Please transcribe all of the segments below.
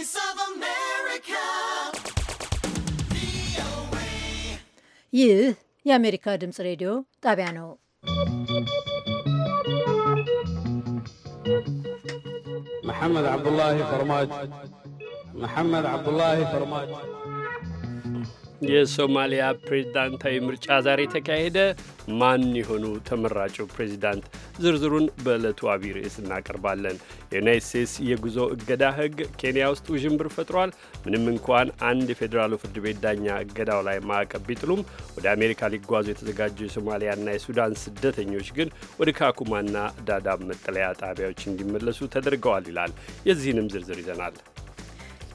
Voice of America. ይህ የአሜሪካ ድምፅ ሬዲዮ ጣቢያ ነው። መሐመድ ዓብዱላሂ ፈርማጅ መሐመድ ዓብዱላሂ ፈርማጅ የሶማሊያ ፕሬዝዳንታዊ ምርጫ ዛሬ ተካሄደ። ማን የሆኑ ተመራጩ ፕሬዚዳንት? ዝርዝሩን በዕለቱ አቢይ ርዕስ እናቀርባለን። የዩናይት ስቴትስ የጉዞ እገዳ ህግ ኬንያ ውስጥ ውዥንብር ፈጥሯል። ምንም እንኳን አንድ የፌዴራሉ ፍርድ ቤት ዳኛ እገዳው ላይ ማዕቀብ ቢጥሉም ወደ አሜሪካ ሊጓዙ የተዘጋጁ የሶማሊያና የሱዳን ስደተኞች ግን ወደ ካኩማና ዳዳብ መጠለያ ጣቢያዎች እንዲመለሱ ተደርገዋል ይላል። የዚህንም ዝርዝር ይዘናል።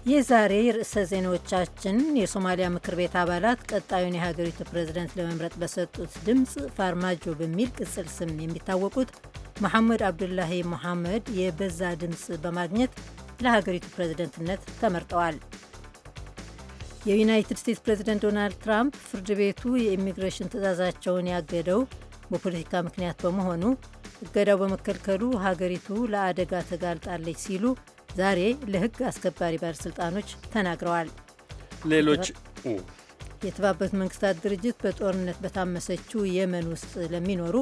የዛሬ ርዕሰ ዜናዎቻችን የሶማሊያ ምክር ቤት አባላት ቀጣዩን የሀገሪቱ ፕሬዝደንት ለመምረጥ በሰጡት ድምፅ ፋርማጆ በሚል ቅጽል ስም የሚታወቁት መሐመድ አብዱላሂ መሐመድ የበዛ ድምፅ በማግኘት ለሀገሪቱ ፕሬዝደንትነት ተመርጠዋል። የዩናይትድ ስቴትስ ፕሬዝደንት ዶናልድ ትራምፕ ፍርድ ቤቱ የኢሚግሬሽን ትዕዛዛቸውን ያገደው በፖለቲካ ምክንያት በመሆኑ እገዳው በመከልከሉ ሀገሪቱ ለአደጋ ተጋልጣለች ሲሉ ዛሬ ለህግ አስከባሪ ባለሥልጣኖች ተናግረዋል። ሌሎች የተባበሩት መንግስታት ድርጅት በጦርነት በታመሰችው የመን ውስጥ ለሚኖሩ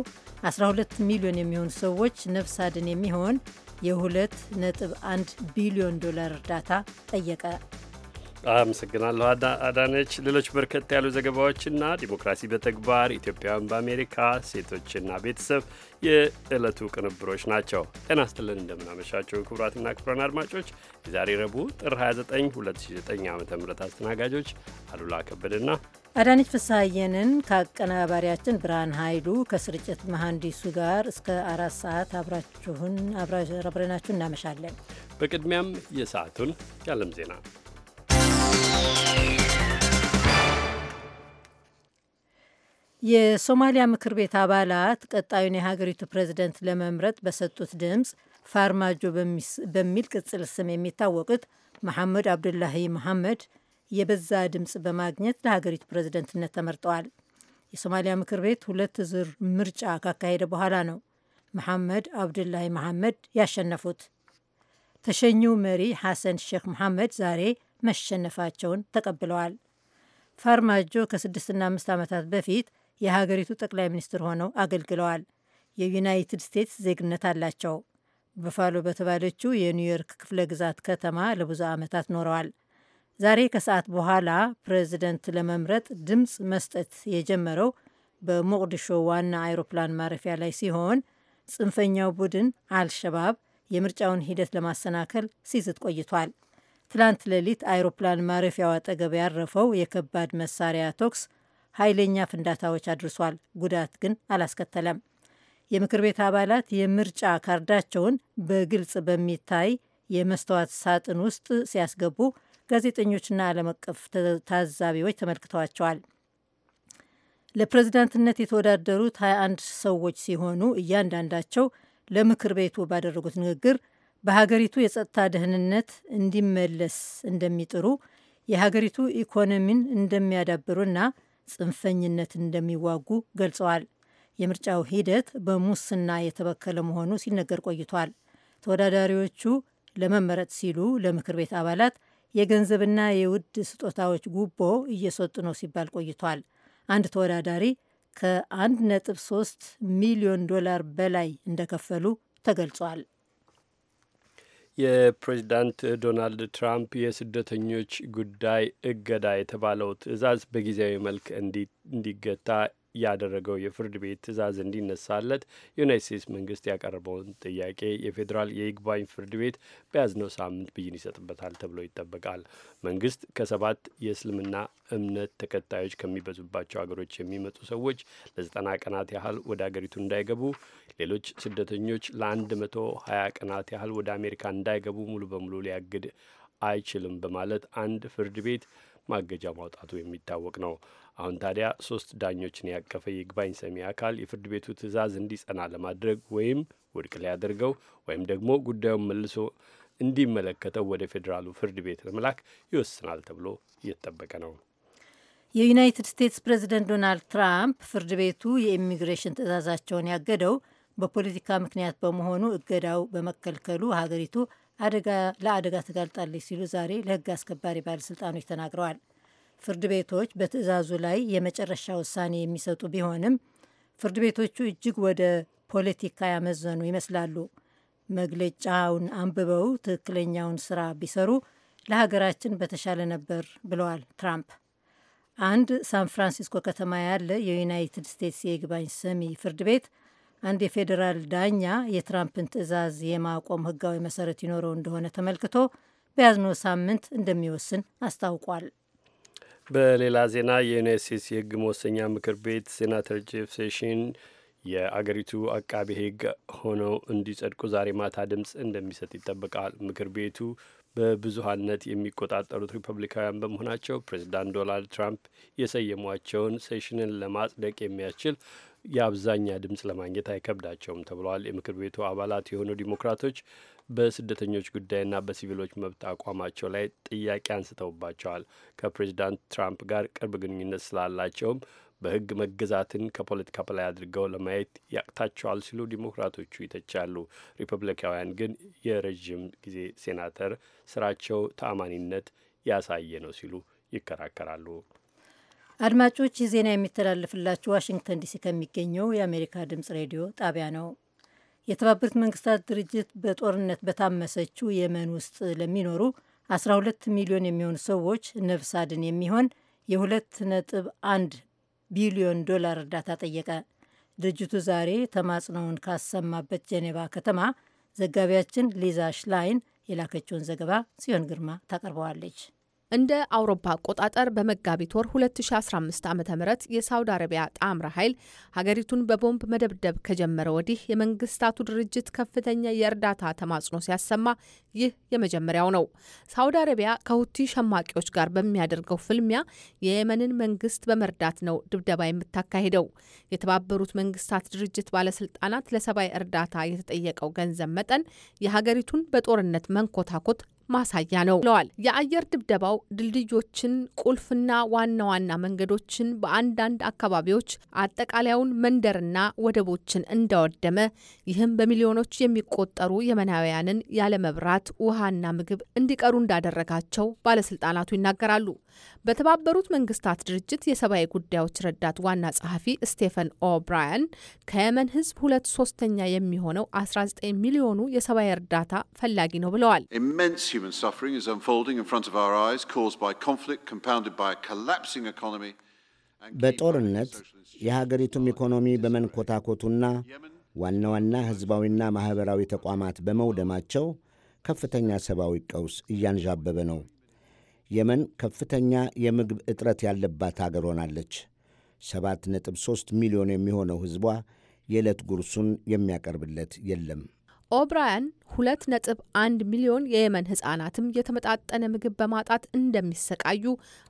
12 ሚሊዮን የሚሆኑ ሰዎች ነፍስ አድን የሚሆን የ2.1 ቢሊዮን ዶላር እርዳታ ጠየቀ። አመሰግናለሁ አዳነች። ሌሎች በርከት ያሉ ዘገባዎችና ዲሞክራሲ በተግባር ኢትዮጵያውያን በአሜሪካ ሴቶችና ቤተሰብ የዕለቱ ቅንብሮች ናቸው። ጤና ይስጥልን እንደምናመሻቸው ክቡራትና ክቡራን አድማጮች የዛሬ ረቡዕ ጥር 29 2009 ዓ ም አስተናጋጆች አሉላ ከበደና አዳነች ፍስሐየንን ከአቀናባሪያችን ብርሃን ኃይሉ ከስርጭት መሐንዲሱ ጋር እስከ አራት ሰዓት አብራችሁን አብረናችሁ እናመሻለን። በቅድሚያም የሰዓቱን የዓለም ዜና የሶማሊያ ምክር ቤት አባላት ቀጣዩን የሀገሪቱ ፕሬዝደንት ለመምረጥ በሰጡት ድምፅ ፋርማጆ በሚል ቅጽል ስም የሚታወቁት መሐመድ አብዱላሂ መሐመድ የበዛ ድምፅ በማግኘት ለሀገሪቱ ፕሬዝደንትነት ተመርጠዋል። የሶማሊያ ምክር ቤት ሁለት ዙር ምርጫ ካካሄደ በኋላ ነው መሐመድ አብዱላሂ መሐመድ ያሸነፉት። ተሸኚው መሪ ሐሰን ሼክ መሐመድ ዛሬ መሸነፋቸውን ተቀብለዋል። ፋርማጆ ከስድስትና አምስት ዓመታት በፊት የሀገሪቱ ጠቅላይ ሚኒስትር ሆነው አገልግለዋል። የዩናይትድ ስቴትስ ዜግነት አላቸው። በፋሎ በተባለችው የኒውዮርክ ክፍለ ግዛት ከተማ ለብዙ ዓመታት ኖረዋል። ዛሬ ከሰዓት በኋላ ፕሬዚደንት ለመምረጥ ድምፅ መስጠት የጀመረው በሞቅዲሾ ዋና አውሮፕላን ማረፊያ ላይ ሲሆን ጽንፈኛው ቡድን አልሸባብ የምርጫውን ሂደት ለማሰናከል ሲዝት ቆይቷል። ትላንት ሌሊት አውሮፕላን ማረፊያው አጠገብ ያረፈው የከባድ መሳሪያ ተኩስ ኃይለኛ ፍንዳታዎች አድርሷል። ጉዳት ግን አላስከተለም። የምክር ቤት አባላት የምርጫ ካርዳቸውን በግልጽ በሚታይ የመስተዋት ሳጥን ውስጥ ሲያስገቡ ጋዜጠኞችና ዓለም አቀፍ ታዛቢዎች ተመልክተዋቸዋል። ለፕሬዝዳንትነት የተወዳደሩት 21 ሰዎች ሲሆኑ እያንዳንዳቸው ለምክር ቤቱ ባደረጉት ንግግር በሀገሪቱ የጸጥታ ደህንነት እንዲመለስ እንደሚጥሩ የሀገሪቱ ኢኮኖሚን እንደሚያዳብሩና ጽንፈኝነት እንደሚዋጉ ገልጸዋል። የምርጫው ሂደት በሙስና የተበከለ መሆኑ ሲነገር ቆይቷል። ተወዳዳሪዎቹ ለመመረጥ ሲሉ ለምክር ቤት አባላት የገንዘብና የውድ ስጦታዎች ጉቦ እየሰጡ ነው ሲባል ቆይቷል። አንድ ተወዳዳሪ ከ1.3 ሚሊዮን ዶላር በላይ እንደከፈሉ ተገልጿል። የፕሬዚዳንት ዶናልድ ትራምፕ የስደተኞች ጉዳይ እገዳ የተባለው ትዕዛዝ በጊዜያዊ መልክ እንዲገታ ያደረገው የፍርድ ቤት ትዕዛዝ እንዲነሳለት የዩናይት ስቴትስ መንግስት ያቀረበውን ጥያቄ የፌዴራል የይግባኝ ፍርድ ቤት በያዝነው ሳምንት ብይን ይሰጥበታል ተብሎ ይጠበቃል። መንግስት ከሰባት የእስልምና እምነት ተከታዮች ከሚበዙባቸው ሀገሮች የሚመጡ ሰዎች ለዘጠና ቀናት ያህል ወደ አገሪቱ እንዳይገቡ ሌሎች ስደተኞች ለአንድ መቶ ሀያ ቀናት ያህል ወደ አሜሪካ እንዳይገቡ ሙሉ በሙሉ ሊያግድ አይችልም በማለት አንድ ፍርድ ቤት ማገጃ ማውጣቱ የሚታወቅ ነው። አሁን ታዲያ ሶስት ዳኞችን ያቀፈ ይግባኝ ሰሚ አካል የፍርድ ቤቱ ትዕዛዝ እንዲጸና ለማድረግ ወይም ውድቅ ሊያደርገው ወይም ደግሞ ጉዳዩን መልሶ እንዲመለከተው ወደ ፌዴራሉ ፍርድ ቤት ለመላክ ይወስናል ተብሎ እየተጠበቀ ነው። የዩናይትድ ስቴትስ ፕሬዚደንት ዶናልድ ትራምፕ ፍርድ ቤቱ የኢሚግሬሽን ትዕዛዛቸውን ያገደው በፖለቲካ ምክንያት በመሆኑ እገዳው በመከልከሉ ሀገሪቱ ለአደጋ ተጋልጣለች ሲሉ ዛሬ ለሕግ አስከባሪ ባለሥልጣኖች ተናግረዋል። ፍርድ ቤቶች በትዕዛዙ ላይ የመጨረሻ ውሳኔ የሚሰጡ ቢሆንም ፍርድ ቤቶቹ እጅግ ወደ ፖለቲካ ያመዘኑ ይመስላሉ። መግለጫውን አንብበው ትክክለኛውን ስራ ቢሰሩ ለሀገራችን በተሻለ ነበር ብለዋል ትራምፕ። አንድ ሳን ፍራንሲስኮ ከተማ ያለ የዩናይትድ ስቴትስ የይግባኝ ሰሚ ፍርድ ቤት አንድ የፌዴራል ዳኛ የትራምፕን ትዕዛዝ የማቆም ህጋዊ መሰረት ይኖረው እንደሆነ ተመልክቶ በያዝነው ሳምንት እንደሚወስን አስታውቋል። በሌላ ዜና የዩናይት ስቴትስ የህግ መወሰኛ ምክር ቤት ሴናተር ጄፍ ሴሽን የአገሪቱ አቃቤ ህግ ሆነው እንዲጸድቁ ዛሬ ማታ ድምፅ እንደሚሰጥ ይጠበቃል። ምክር ቤቱ በብዙሀነት የሚቆጣጠሩት ሪፐብሊካውያን በመሆናቸው ፕሬዚዳንት ዶናልድ ትራምፕ የሰየሟቸውን ሴሽንን ለማጽደቅ የሚያስችል የአብዛኛ ድምፅ ለማግኘት አይከብዳቸውም ተብሏል። የምክር ቤቱ አባላት የሆኑ ዲሞክራቶች በስደተኞች ጉዳይና በሲቪሎች መብት አቋማቸው ላይ ጥያቄ አንስተውባቸዋል። ከፕሬዚዳንት ትራምፕ ጋር ቅርብ ግንኙነት ስላላቸውም በሕግ መገዛትን ከፖለቲካ በላይ አድርገው ለማየት ያቅታቸዋል ሲሉ ዲሞክራቶቹ ይተቻሉ። ሪፐብሊካውያን ግን የረዥም ጊዜ ሴናተር ስራቸው ተአማኒነት ያሳየ ነው ሲሉ ይከራከራሉ። አድማጮች ይህ ዜና የሚተላለፍላችሁ ዋሽንግተን ዲሲ ከሚገኘው የአሜሪካ ድምጽ ሬዲዮ ጣቢያ ነው። የተባበሩት መንግስታት ድርጅት በጦርነት በታመሰችው የመን ውስጥ ለሚኖሩ 12 ሚሊዮን የሚሆኑ ሰዎች ነፍስ አድን የሚሆን የ2.1 ቢሊዮን ዶላር እርዳታ ጠየቀ። ድርጅቱ ዛሬ ተማጽኖውን ካሰማበት ጄኔቫ ከተማ ዘጋቢያችን ሊዛ ሽላይን የላከችውን ዘገባ ጽዮን ግርማ ታቀርበዋለች። እንደ አውሮፓ አቆጣጠር በመጋቢት ወር 2015 ዓ ም የሳውዲ አረቢያ ጣምራ ኃይል ሀገሪቱን በቦምብ መደብደብ ከጀመረ ወዲህ የመንግስታቱ ድርጅት ከፍተኛ የእርዳታ ተማጽኖ ሲያሰማ ይህ የመጀመሪያው ነው። ሳውዲ አረቢያ ከሁቲ ሸማቂዎች ጋር በሚያደርገው ፍልሚያ የየመንን መንግስት በመርዳት ነው ድብደባ የምታካሂደው። የተባበሩት መንግስታት ድርጅት ባለስልጣናት ለሰብአዊ እርዳታ የተጠየቀው ገንዘብ መጠን የሀገሪቱን በጦርነት መንኮታኮት ማሳያ ነው ብለዋል። የአየር ድብደባው ድልድዮችን፣ ቁልፍና ዋና ዋና መንገዶችን በአንዳንድ አካባቢዎች አጠቃላዩን መንደርና ወደቦችን እንዳወደመ ይህም በሚሊዮኖች የሚቆጠሩ የመናውያንን ያለመብራት ውሃና ምግብ እንዲቀሩ እንዳደረጋቸው ባለስልጣናቱ ይናገራሉ። በተባበሩት መንግስታት ድርጅት የሰብአዊ ጉዳዮች ረዳት ዋና ጸሐፊ ስቴፈን ኦብራያን ከየመን ህዝብ ሁለት ሶስተኛ የሚሆነው 19 ሚሊዮኑ የሰብአዊ እርዳታ ፈላጊ ነው ብለዋል። በጦርነት የሀገሪቱም ኢኮኖሚ በመንኮታኮቱና ዋና ዋና ሕዝባዊና ማኅበራዊ ተቋማት በመውደማቸው ከፍተኛ ሰብአዊ ቀውስ እያንዣበበ ነው። የመን ከፍተኛ የምግብ እጥረት ያለባት አገር ሆናለች። 7.3 ሚሊዮን የሚሆነው ሕዝቧ የዕለት ጉርሱን የሚያቀርብለት የለም። ኦብራያን ሁለት ነጥብ አንድ ሚሊዮን የየመን ህጻናትም የተመጣጠነ ምግብ በማጣት እንደሚሰቃዩ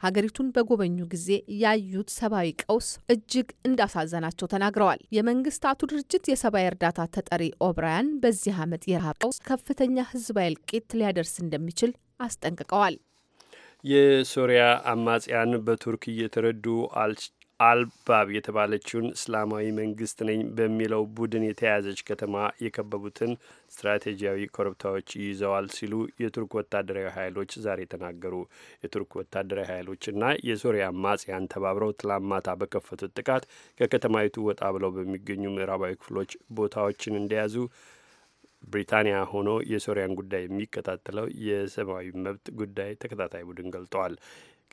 ሀገሪቱን በጎበኙ ጊዜ ያዩት ሰብአዊ ቀውስ እጅግ እንዳሳዘናቸው ተናግረዋል። የመንግስታቱ ድርጅት የሰብአዊ እርዳታ ተጠሪ ኦብራያን በዚህ ዓመት የረሃብ ቀውስ ከፍተኛ ህዝባዊ እልቂት ሊያደርስ እንደሚችል አስጠንቅቀዋል። የሶሪያ አማጽያን በቱርክ እየተረዱ አልባብ የተባለችውን እስላማዊ መንግስት ነኝ በሚለው ቡድን የተያዘች ከተማ የከበቡትን ስትራቴጂያዊ ኮረብታዎች ይዘዋል ሲሉ የቱርክ ወታደራዊ ኃይሎች ዛሬ ተናገሩ። የቱርክ ወታደራዊ ኃይሎችና የሶሪያ አማጽያን ተባብረው ትላንት ማታ በከፈቱት ጥቃት ከከተማይቱ ወጣ ብለው በሚገኙ ምዕራባዊ ክፍሎች ቦታዎችን እንደያዙ ብሪታንያ ሆኖ የሶሪያን ጉዳይ የሚከታተለው የሰብአዊ መብት ጉዳይ ተከታታይ ቡድን ገልጠዋል።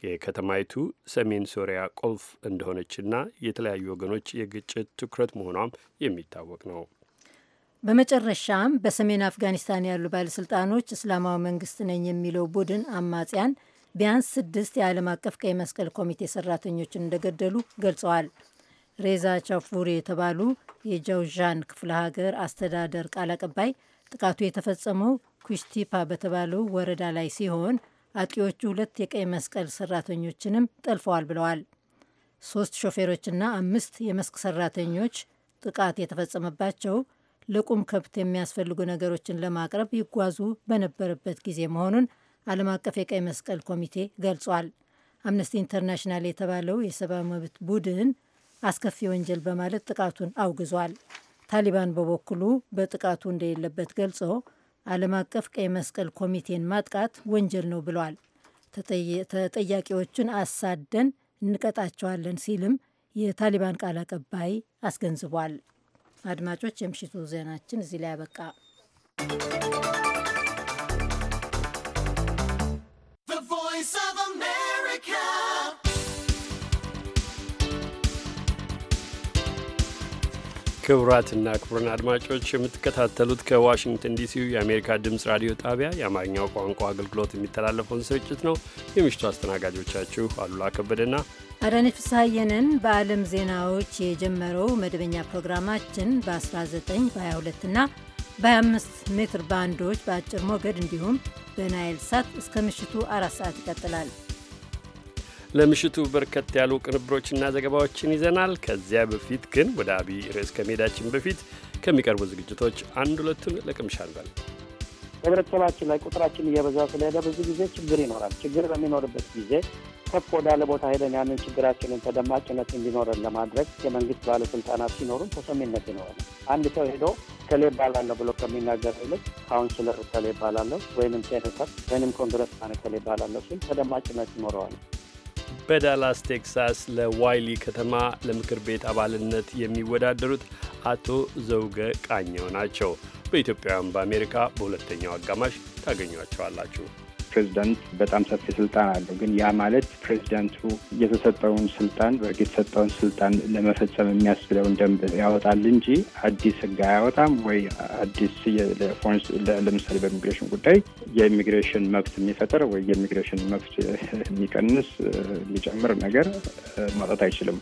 የከተማይቱ ሰሜን ሶሪያ ቁልፍ እንደሆነችና የተለያዩ ወገኖች የግጭት ትኩረት መሆኗም የሚታወቅ ነው። በመጨረሻም በሰሜን አፍጋኒስታን ያሉ ባለሥልጣኖች እስላማዊ መንግስት ነኝ የሚለው ቡድን አማጽያን ቢያንስ ስድስት የዓለም አቀፍ ቀይ መስቀል ኮሚቴ ሰራተኞችን እንደገደሉ ገልጸዋል። ሬዛ ቻፉሪ የተባሉ የጃውዣን ክፍለ ሀገር አስተዳደር ቃል አቀባይ ጥቃቱ የተፈጸመው ኩሽቲፓ በተባለው ወረዳ ላይ ሲሆን አጥቂዎቹ ሁለት የቀይ መስቀል ሰራተኞችንም ጠልፈዋል ብለዋል። ሶስት ሾፌሮችና አምስት የመስክ ሰራተኞች ጥቃት የተፈጸመባቸው ለቁም ከብት የሚያስፈልጉ ነገሮችን ለማቅረብ ይጓዙ በነበረበት ጊዜ መሆኑን ዓለም አቀፍ የቀይ መስቀል ኮሚቴ ገልጿል። አምነስቲ ኢንተርናሽናል የተባለው የሰብአዊ መብት ቡድን አስከፊ ወንጀል በማለት ጥቃቱን አውግዟል። ታሊባን በበኩሉ በጥቃቱ እንደሌለበት ገልጾ ዓለም አቀፍ ቀይ መስቀል ኮሚቴን ማጥቃት ወንጀል ነው ብለዋል። ተጠያቂዎቹን አሳደን እንቀጣቸዋለን ሲልም የታሊባን ቃል አቀባይ አስገንዝቧል። አድማጮች፣ የምሽቱ ዜናችን እዚህ ላይ you. ክቡራትና ክቡራን አድማጮች የምትከታተሉት ከዋሽንግተን ዲሲ የአሜሪካ ድምፅ ራዲዮ ጣቢያ የአማርኛው ቋንቋ አገልግሎት የሚተላለፈውን ስርጭት ነው። የምሽቱ አስተናጋጆቻችሁ አሉላ ከበደና አዳነች ፍስሐየንን። በዓለም ዜናዎች የጀመረው መደበኛ ፕሮግራማችን በ19 በ22ና በ25 ሜትር ባንዶች በአጭር ሞገድ እንዲሁም በናይል ሳት እስከ ምሽቱ አራት ሰዓት ይቀጥላል። ለምሽቱ በርከት ያሉ ቅንብሮችና ዘገባዎችን ይዘናል። ከዚያ በፊት ግን ወደ አብይ ርዕስ ከመሄዳችን በፊት ከሚቀርቡ ዝግጅቶች አንድ ሁለቱን ለቅምሻ እንበል። ህብረተሰባችን ላይ ቁጥራችን እየበዛ ስለሄደ ብዙ ጊዜ ችግር ይኖራል። ችግር በሚኖርበት ጊዜ ከፍ ወዳለ ቦታ ሄደን ያንን ችግራችንን ተደማጭነት እንዲኖረን ለማድረግ የመንግስት ባለስልጣናት ሲኖሩን ተሰሚነት ይኖራል። አንድ ሰው ሄዶ ከሌ ይባላለሁ ብሎ ከሚናገር ይልቅ ካውንስለር ከሌ ይባላለሁ ወይንም ሴኔተር ወይም ኮንግረስማን ከሌ ይባላለሁ ሲል ተደማጭነት ይኖረዋል። በዳላስ ቴክሳስ ለዋይሊ ከተማ ለምክር ቤት አባልነት የሚወዳደሩት አቶ ዘውገ ቃኘው ናቸው። በኢትዮጵያውያን በአሜሪካ በሁለተኛው አጋማሽ ታገኟቸዋላችሁ። ፕሬዚዳንት በጣም ሰፊ ስልጣን አለው። ግን ያ ማለት ፕሬዚዳንቱ የተሰጠውን ስልጣን በእርግጥ የተሰጠውን ስልጣን ለመፈጸም የሚያስችለውን ደንብ ያወጣል እንጂ አዲስ ህግ አያወጣም ወይ አዲስ ለምሳሌ በኢሚግሬሽን ጉዳይ የኢሚግሬሽን መብት የሚፈጠር ወይ የኢሚግሬሽን መብት የሚቀንስ የሚጨምር ነገር ማውጣት አይችልም።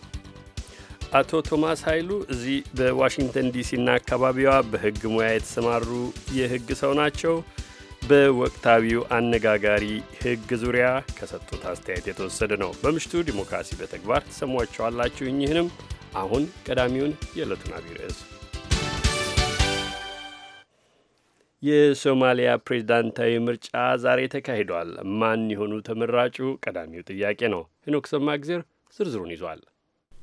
አቶ ቶማስ ኃይሉ እዚህ በዋሽንግተን ዲሲና አካባቢዋ በህግ ሙያ የተሰማሩ የህግ ሰው ናቸው። በወቅታዊው አነጋጋሪ ሕግ ዙሪያ ከሰጡት አስተያየት የተወሰደ ነው። በምሽቱ ዲሞክራሲ በተግባር ትሰሟቸዋላችሁ። እኚህንም አሁን ቀዳሚውን የዕለቱን አብይ ርዕስ የሶማሊያ ፕሬዝዳንታዊ ምርጫ ዛሬ ተካሂዷል። ማን የሆኑ ተመራጩ ቀዳሚው ጥያቄ ነው። ሄኖክ ጊዜር ዝርዝሩን ይዟል።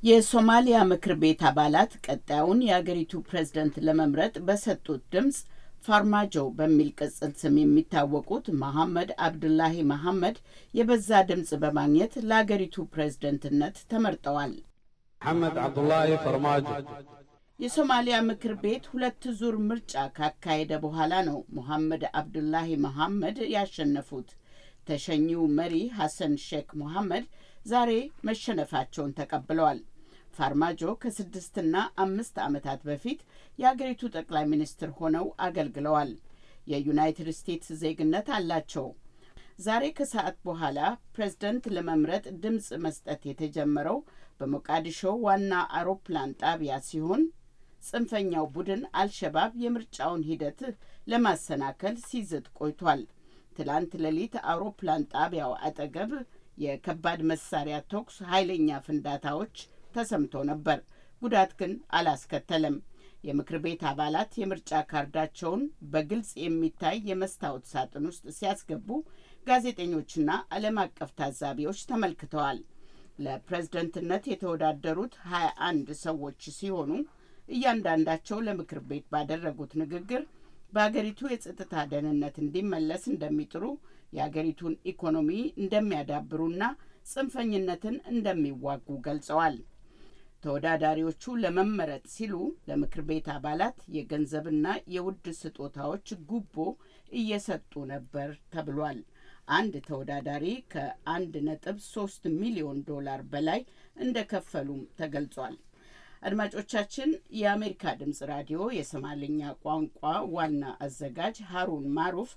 የሶማሊያ ምክር ቤት አባላት ቀጣዩን የአገሪቱ ፕሬዝደንት ለመምረጥ በሰጡት ድምፅ ፋርማጆ በሚል ቅጽል ስም የሚታወቁት መሐመድ አብዱላሂ መሐመድ የበዛ ድምፅ በማግኘት ለአገሪቱ ፕሬዝደንትነት ተመርጠዋል። መሐመድ አብዱላሂ ፈርማጆ የሶማሊያ ምክር ቤት ሁለት ዙር ምርጫ ካካሄደ በኋላ ነው መሐመድ አብዱላሂ መሐመድ ያሸነፉት። ተሸኚው መሪ ሐሰን ሼክ መሐመድ ዛሬ መሸነፋቸውን ተቀብለዋል። ፋርማጆ ከስድስትና አምስት ዓመታት በፊት የአገሪቱ ጠቅላይ ሚኒስትር ሆነው አገልግለዋል። የዩናይትድ ስቴትስ ዜግነት አላቸው። ዛሬ ከሰዓት በኋላ ፕሬዝደንት ለመምረጥ ድምፅ መስጠት የተጀመረው በሞቃዲሾ ዋና አውሮፕላን ጣቢያ ሲሆን ጽንፈኛው ቡድን አልሸባብ የምርጫውን ሂደት ለማሰናከል ሲዝት ቆይቷል። ትላንት ሌሊት አውሮፕላን ጣቢያው አጠገብ የከባድ መሳሪያ ተኩስ ኃይለኛ ፍንዳታዎች ተሰምቶ ነበር። ጉዳት ግን አላስከተለም። የምክር ቤት አባላት የምርጫ ካርዳቸውን በግልጽ የሚታይ የመስታወት ሳጥን ውስጥ ሲያስገቡ ጋዜጠኞችና ዓለም አቀፍ ታዛቢዎች ተመልክተዋል። ለፕሬዝደንትነት የተወዳደሩት ሀያ አንድ ሰዎች ሲሆኑ እያንዳንዳቸው ለምክር ቤት ባደረጉት ንግግር በአገሪቱ የጸጥታ ደህንነት እንዲመለስ እንደሚጥሩ፣ የአገሪቱን ኢኮኖሚ እንደሚያዳብሩና ጽንፈኝነትን እንደሚዋጉ ገልጸዋል። ተወዳዳሪዎቹ ለመመረጥ ሲሉ ለምክር ቤት አባላት የገንዘብና የውድ ስጦታዎች ጉቦ እየሰጡ ነበር ተብሏል። አንድ ተወዳዳሪ ከአንድ ነጥብ ሶስት ሚሊዮን ዶላር በላይ እንደከፈሉም ተገልጿል። አድማጮቻችን፣ የአሜሪካ ድምጽ ራዲዮ የሶማሌኛ ቋንቋ ዋና አዘጋጅ ሀሩን ማሩፍ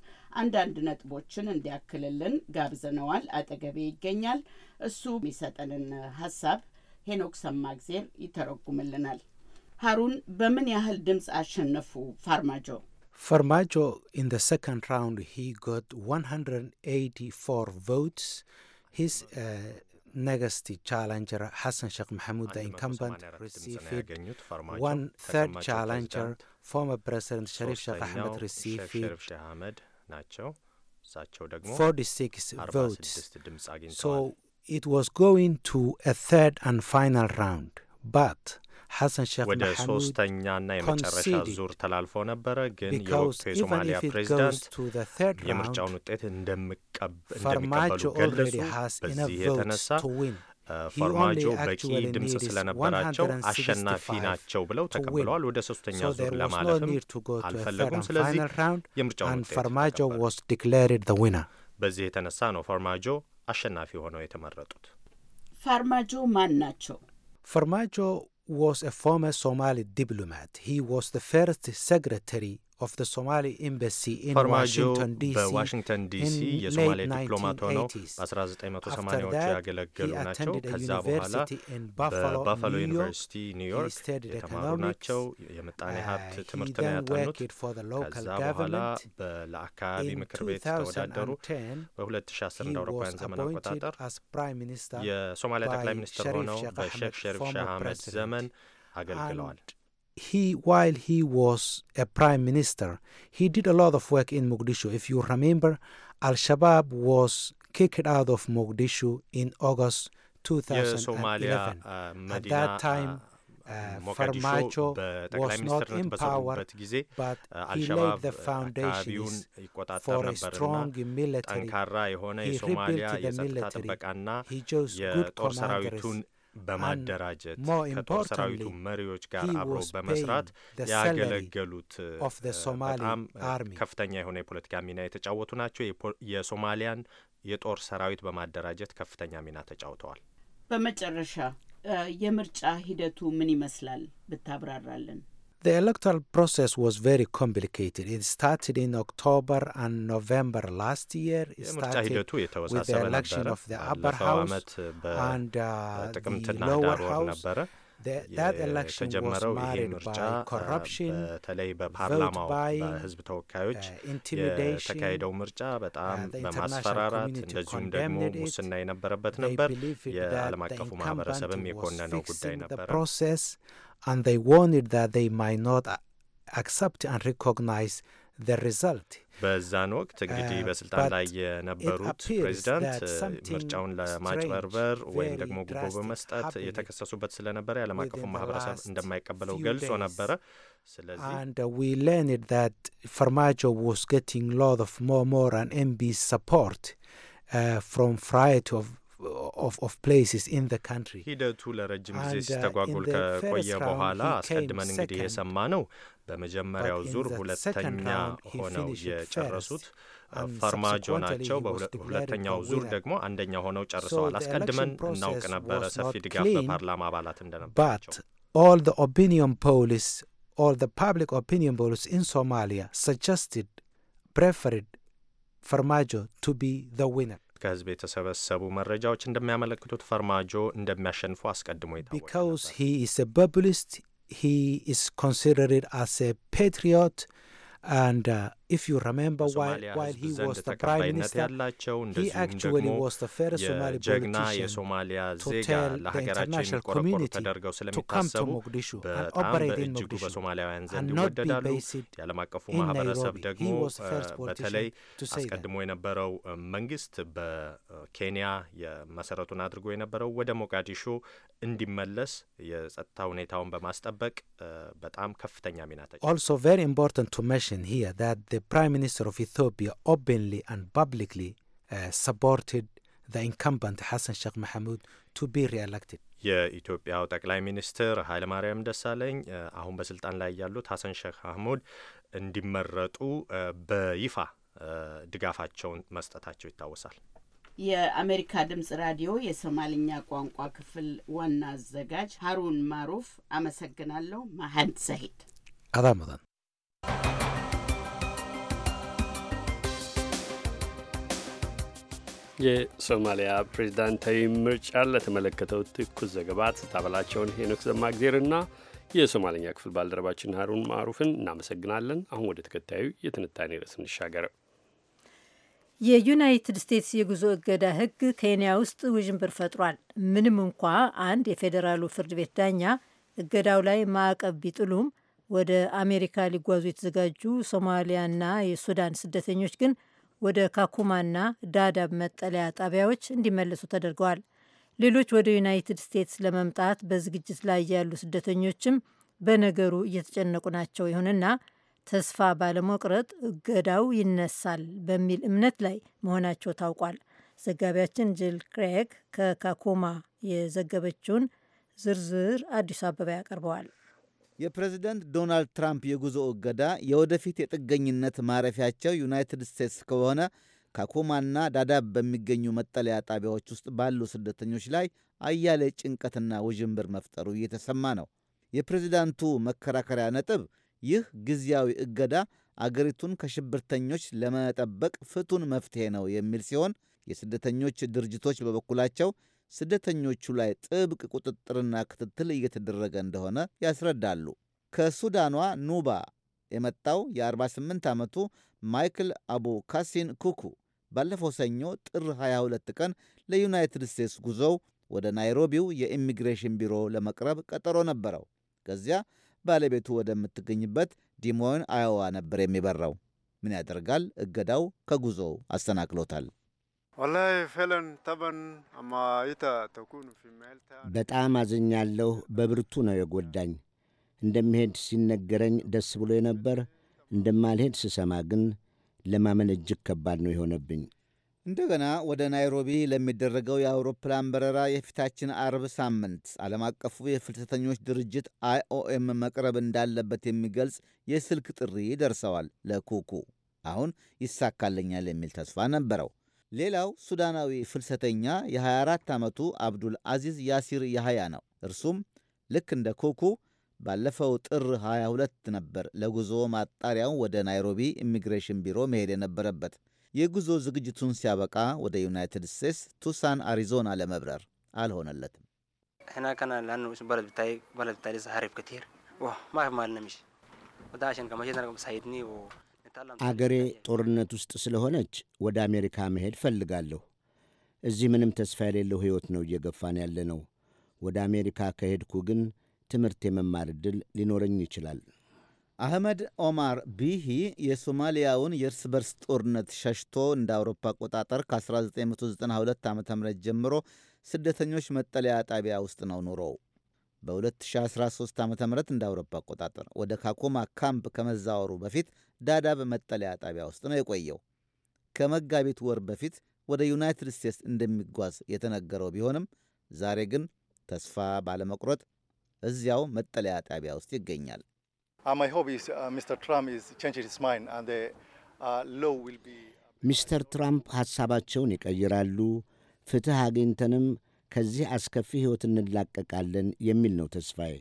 አንዳንድ ነጥቦችን እንዲያክልልን ጋብዘነዋል። አጠገቤ ይገኛል። እሱ የሚሰጠንን ሀሳብ ሄኖክ ሰማ ሰማእግዜር ይተረጉምልናል። ሀሩን በምን ያህል ድምፅ አሸነፉ ፋርማጆ? ፋርማጆ ኢን ዘ ሰኮንድ ራውንድ ሂ ጎት 184 ቮትስ ሂስ ነገስቲ ቻላንጀር ሐሰን ሼክ መሐሙድ ኢንካምበንት ሪሲቪድ ዋን ተርድ ቻላንጀር ፎርመር ፕሬዚደንት ሸሪፍ ሼክ አሕመድ ሪሲቭድ ናቸው። እሳቸው ደግሞ ፎርቲ ሲክስ ቮትስ ሶ it was going to a third and final round, but ወደ ሶስተኛና የመጨረሻ ዙር ተላልፎ ነበረ። ግን የወቅቱ የሶማሊያ ፕሬዚዳንት የምርጫውን ውጤት እንደሚቀበሉ ገለጹ። በዚህ የተነሳ ፎርማጆ በቂ ድምፅ ስለነበራቸው አሸናፊ ናቸው ብለው ተቀብለዋል። ወደ ሶስተኛ ዙር ለማለፍም አልፈለጉም። ስለዚህ የምርጫውን ውጤት በዚህ የተነሳ ነው ፎርማጆ አሸናፊ ሆነው የተመረጡት። ፋርማጆ ማን ናቸው? ፋርማጆ was a former Somali diplomat. He was the first secretary ፈርማጆ በዋሽንግተን ዲሲ የሶማሊያ ዲፕሎማት ሆነው በ 1980 ያገለገሉ ናቸው። ከዛ በኋላ በባፋሎ ዩኒቨርሲቲ ኒውዮርክ የተማሩ ናቸው። የምጣኔ uh, ሀብት ትምህርት ነው ያጠኑት። ከዛ በኋላ ለአካባቢ ምክር ቤት ተወዳደሩ። በ2010 እንደ ዘመን አቆጣጠር የሶማሊያ ጠቅላይ ሚኒስትር ሆነው በሼክ ሸሪፍ ሻህ አህመድ ዘመን አገልግለዋል። he, while he was a prime minister, he did a lot of work in Mogadishu. If you remember, Al Shabaab was kicked out of Mogadishu in August 2011. Yeah, Somalia, uh, At that time, uh, uh was not in power, but he uh, laid the foundation ፋውንዴሽንስ ፎር ኤ ስትሮንግ ሚሊተሪ ጠንካራ የሆነ የሶማሊያ የጸጥታ ጥበቃና የጦር በማደራጀት ከጦር ሰራዊቱ መሪዎች ጋር አብሮ በመስራት ያገለገሉት በጣም ከፍተኛ የሆነ የፖለቲካ ሚና የተጫወቱ ናቸው። የሶማሊያን የጦር ሰራዊት በማደራጀት ከፍተኛ ሚና ተጫውተዋል። በመጨረሻ የምርጫ ሂደቱ ምን ይመስላል ብታብራራለን? The electoral process was very complicated. It started in October and November last year. It started with the election of the upper house uh, and uh, uh the lower house. የተጀመረው ይሄ ምርጫ በተለይ በፓርላማው በህዝብ ተወካዮች የተካሄደው ምርጫ በጣም በማስፈራራት እንደዚሁም ደግሞ ሙስና የነበረበት ነበር። የዓለም አቀፉ ማህበረሰብም የኮነነው ጉዳይ ነበር። And they wanted that they might not accept and recognize the result. በዛን ወቅት እንግዲህ uh, በስልጣን ላይ የነበሩት ፕሬዚዳንት ምርጫውን ለማጭበርበር ወይም ደግሞ ጉቦ በመስጠት የተከሰሱበት ስለነበረ የዓለም አቀፉ ማህበረሰብ እንደማይቀበለው ገልጾ ነበረ። ስለዚህ ሰፖርት ፍሮም ኦፍ of of places in the country ሂደቱ ለረጅም ጊዜ ሲስተጓጎል ከቆየ በኋላ አስቀድመን እንግዲህ የሰማ ነው። በመጀመሪያው ዙር ሁለተኛ ሆነው የጨረሱት ፋርማጆ ናቸው። በሁለተኛው ዙር ደግሞ አንደኛ ሆነው ጨርሰዋል። አስቀድመን እናውቅ ነበረ ሰፊ ድጋፍ በፓርላማ አባላት እንደነበራቸው። All the opinion polls or the public opinion polls in Somalia suggested preferred Farmajo to be the winner. ከህዝብ የተሰበሰቡ መረጃዎች እንደሚያመለክቱት ፈርማጆ እንደሚያሸንፉ አስቀድሞ ይታወቃል። politician to tell the international community to come to mogadishu and operate in mogadishu and not be based in nairobi he was the first politician to say በኬንያ መሰረቱን አድርጎ የነበረው ወደ ሞቃዲሾ እንዲመለስ የጸጥታ ሁኔታውን በማስጠበቅ በጣም ከፍተኛ ሚና the Prime Minister of Ethiopia openly and publicly uh, supported the incumbent Hassan Sheikh Mohamud to be re-elected. የኢትዮጵያው ጠቅላይ ሚኒስትር ኃይለማርያም ደሳለኝ uh, አሁን በስልጣን ላይ ያሉት ሀሰን ሼክ አህሙድ እንዲመረጡ uh, በይፋ uh, ድጋፋቸውን መስጠታቸው ይታወሳል። የአሜሪካ ድምጽ ራዲዮ የሶማልኛ ቋንቋ ክፍል ዋና አዘጋጅ ሀሩን ማሩፍ አመሰግናለሁ። ማሀንድ ሰሂድ አዳመጠን የሶማሊያ ፕሬዝዳንታዊ ምርጫ ለተመለከተው ትኩስ ዘገባ ትታበላቸውን ሄኖክ ዘማግዜርና የሶማልኛ ክፍል ባልደረባችን ሀሩን ማዕሩፍን እናመሰግናለን። አሁን ወደ ተከታዩ የትንታኔ ርዕስ እንሻገር። የዩናይትድ ስቴትስ የጉዞ እገዳ ሕግ ኬንያ ውስጥ ውዥንብር ፈጥሯል። ምንም እንኳ አንድ የፌዴራሉ ፍርድ ቤት ዳኛ እገዳው ላይ ማዕቀብ ቢጥሉም ወደ አሜሪካ ሊጓዙ የተዘጋጁ ሶማሊያና የሱዳን ስደተኞች ግን ወደ ካኩማና ዳዳብ መጠለያ ጣቢያዎች እንዲመለሱ ተደርገዋል። ሌሎች ወደ ዩናይትድ ስቴትስ ለመምጣት በዝግጅት ላይ ያሉ ስደተኞችም በነገሩ እየተጨነቁ ናቸው። ይሁንና ተስፋ ባለመቁረጥ እገዳው ይነሳል በሚል እምነት ላይ መሆናቸው ታውቋል። ዘጋቢያችን ጅል ክሬግ ከካኩማ የዘገበችውን ዝርዝር አዲሱ አበባ ያቀርበዋል። የፕሬዝደንት ዶናልድ ትራምፕ የጉዞ እገዳ የወደፊት የጥገኝነት ማረፊያቸው ዩናይትድ ስቴትስ ከሆነ ካኩማና ዳዳብ በሚገኙ መጠለያ ጣቢያዎች ውስጥ ባሉ ስደተኞች ላይ አያሌ ጭንቀትና ውዥንብር መፍጠሩ እየተሰማ ነው። የፕሬዝዳንቱ መከራከሪያ ነጥብ ይህ ጊዜያዊ እገዳ አገሪቱን ከሽብርተኞች ለመጠበቅ ፍቱን መፍትሄ ነው የሚል ሲሆን የስደተኞች ድርጅቶች በበኩላቸው ስደተኞቹ ላይ ጥብቅ ቁጥጥርና ክትትል እየተደረገ እንደሆነ ያስረዳሉ። ከሱዳኗ ኑባ የመጣው የ48 ዓመቱ ማይክል አቡ ካሲን ኩኩ ባለፈው ሰኞ ጥር 22 ቀን ለዩናይትድ ስቴትስ ጉዞው ወደ ናይሮቢው የኢሚግሬሽን ቢሮ ለመቅረብ ቀጠሮ ነበረው። ከዚያ ባለቤቱ ወደምትገኝበት ዲሞን አዮዋ ነበር የሚበራው። ምን ያደርጋል፣ እገዳው ከጉዞው አሰናክሎታል። በጣም አዝኛለሁ። በብርቱ ነው የጎዳኝ። እንደምሄድ ሲነገረኝ ደስ ብሎ የነበር እንደማልሄድ ስሰማ ግን ለማመን እጅግ ከባድ ነው የሆነብኝ። እንደገና ወደ ናይሮቢ ለሚደረገው የአውሮፕላን በረራ የፊታችን አርብ ሳምንት ዓለም አቀፉ የፍልሰተኞች ድርጅት አይኦኤም መቅረብ እንዳለበት የሚገልጽ የስልክ ጥሪ ደርሰዋል። ለኩኩ አሁን ይሳካልኛል የሚል ተስፋ ነበረው። ሌላው ሱዳናዊ ፍልሰተኛ የ24 ዓመቱ አብዱል አዚዝ ያሲር ያህያ ነው። እርሱም ልክ እንደ ኮኩ ባለፈው ጥር 22 ነበር ለጉዞ ማጣሪያው ወደ ናይሮቢ ኢሚግሬሽን ቢሮ መሄድ የነበረበት የጉዞ ዝግጅቱን ሲያበቃ ወደ ዩናይትድ ስቴትስ ቱሳን አሪዞና ለመብረር አልሆነለትም። አገሬ ጦርነት ውስጥ ስለሆነች ወደ አሜሪካ መሄድ ፈልጋለሁ። እዚህ ምንም ተስፋ የሌለው ሕይወት ነው እየገፋን ያለ ነው። ወደ አሜሪካ ከሄድኩ ግን ትምህርት የመማር ዕድል ሊኖረኝ ይችላል። አህመድ ኦማር ቢሂ የሶማሊያውን የእርስ በርስ ጦርነት ሸሽቶ እንደ አውሮፓ አቆጣጠር ከ1992 ዓ ም ጀምሮ ስደተኞች መጠለያ ጣቢያ ውስጥ ነው ኑሮው። በ2013 ዓ ም እንደ አውሮፓ አቆጣጠር ወደ ካኮማ ካምፕ ከመዛወሩ በፊት ዳዳ በመጠለያ ጣቢያ ውስጥ ነው የቆየው። ከመጋቢት ወር በፊት ወደ ዩናይትድ ስቴትስ እንደሚጓዝ የተነገረው ቢሆንም ዛሬ ግን ተስፋ ባለመቁረጥ እዚያው መጠለያ ጣቢያ ውስጥ ይገኛል። ሚስተር uh, ትራምፕ uh, uh, ሐሳባቸውን ይቀይራሉ። ፍትሕ አግኝተንም ከዚህ አስከፊ ሕይወት እንላቀቃለን የሚል ነው ተስፋዬ።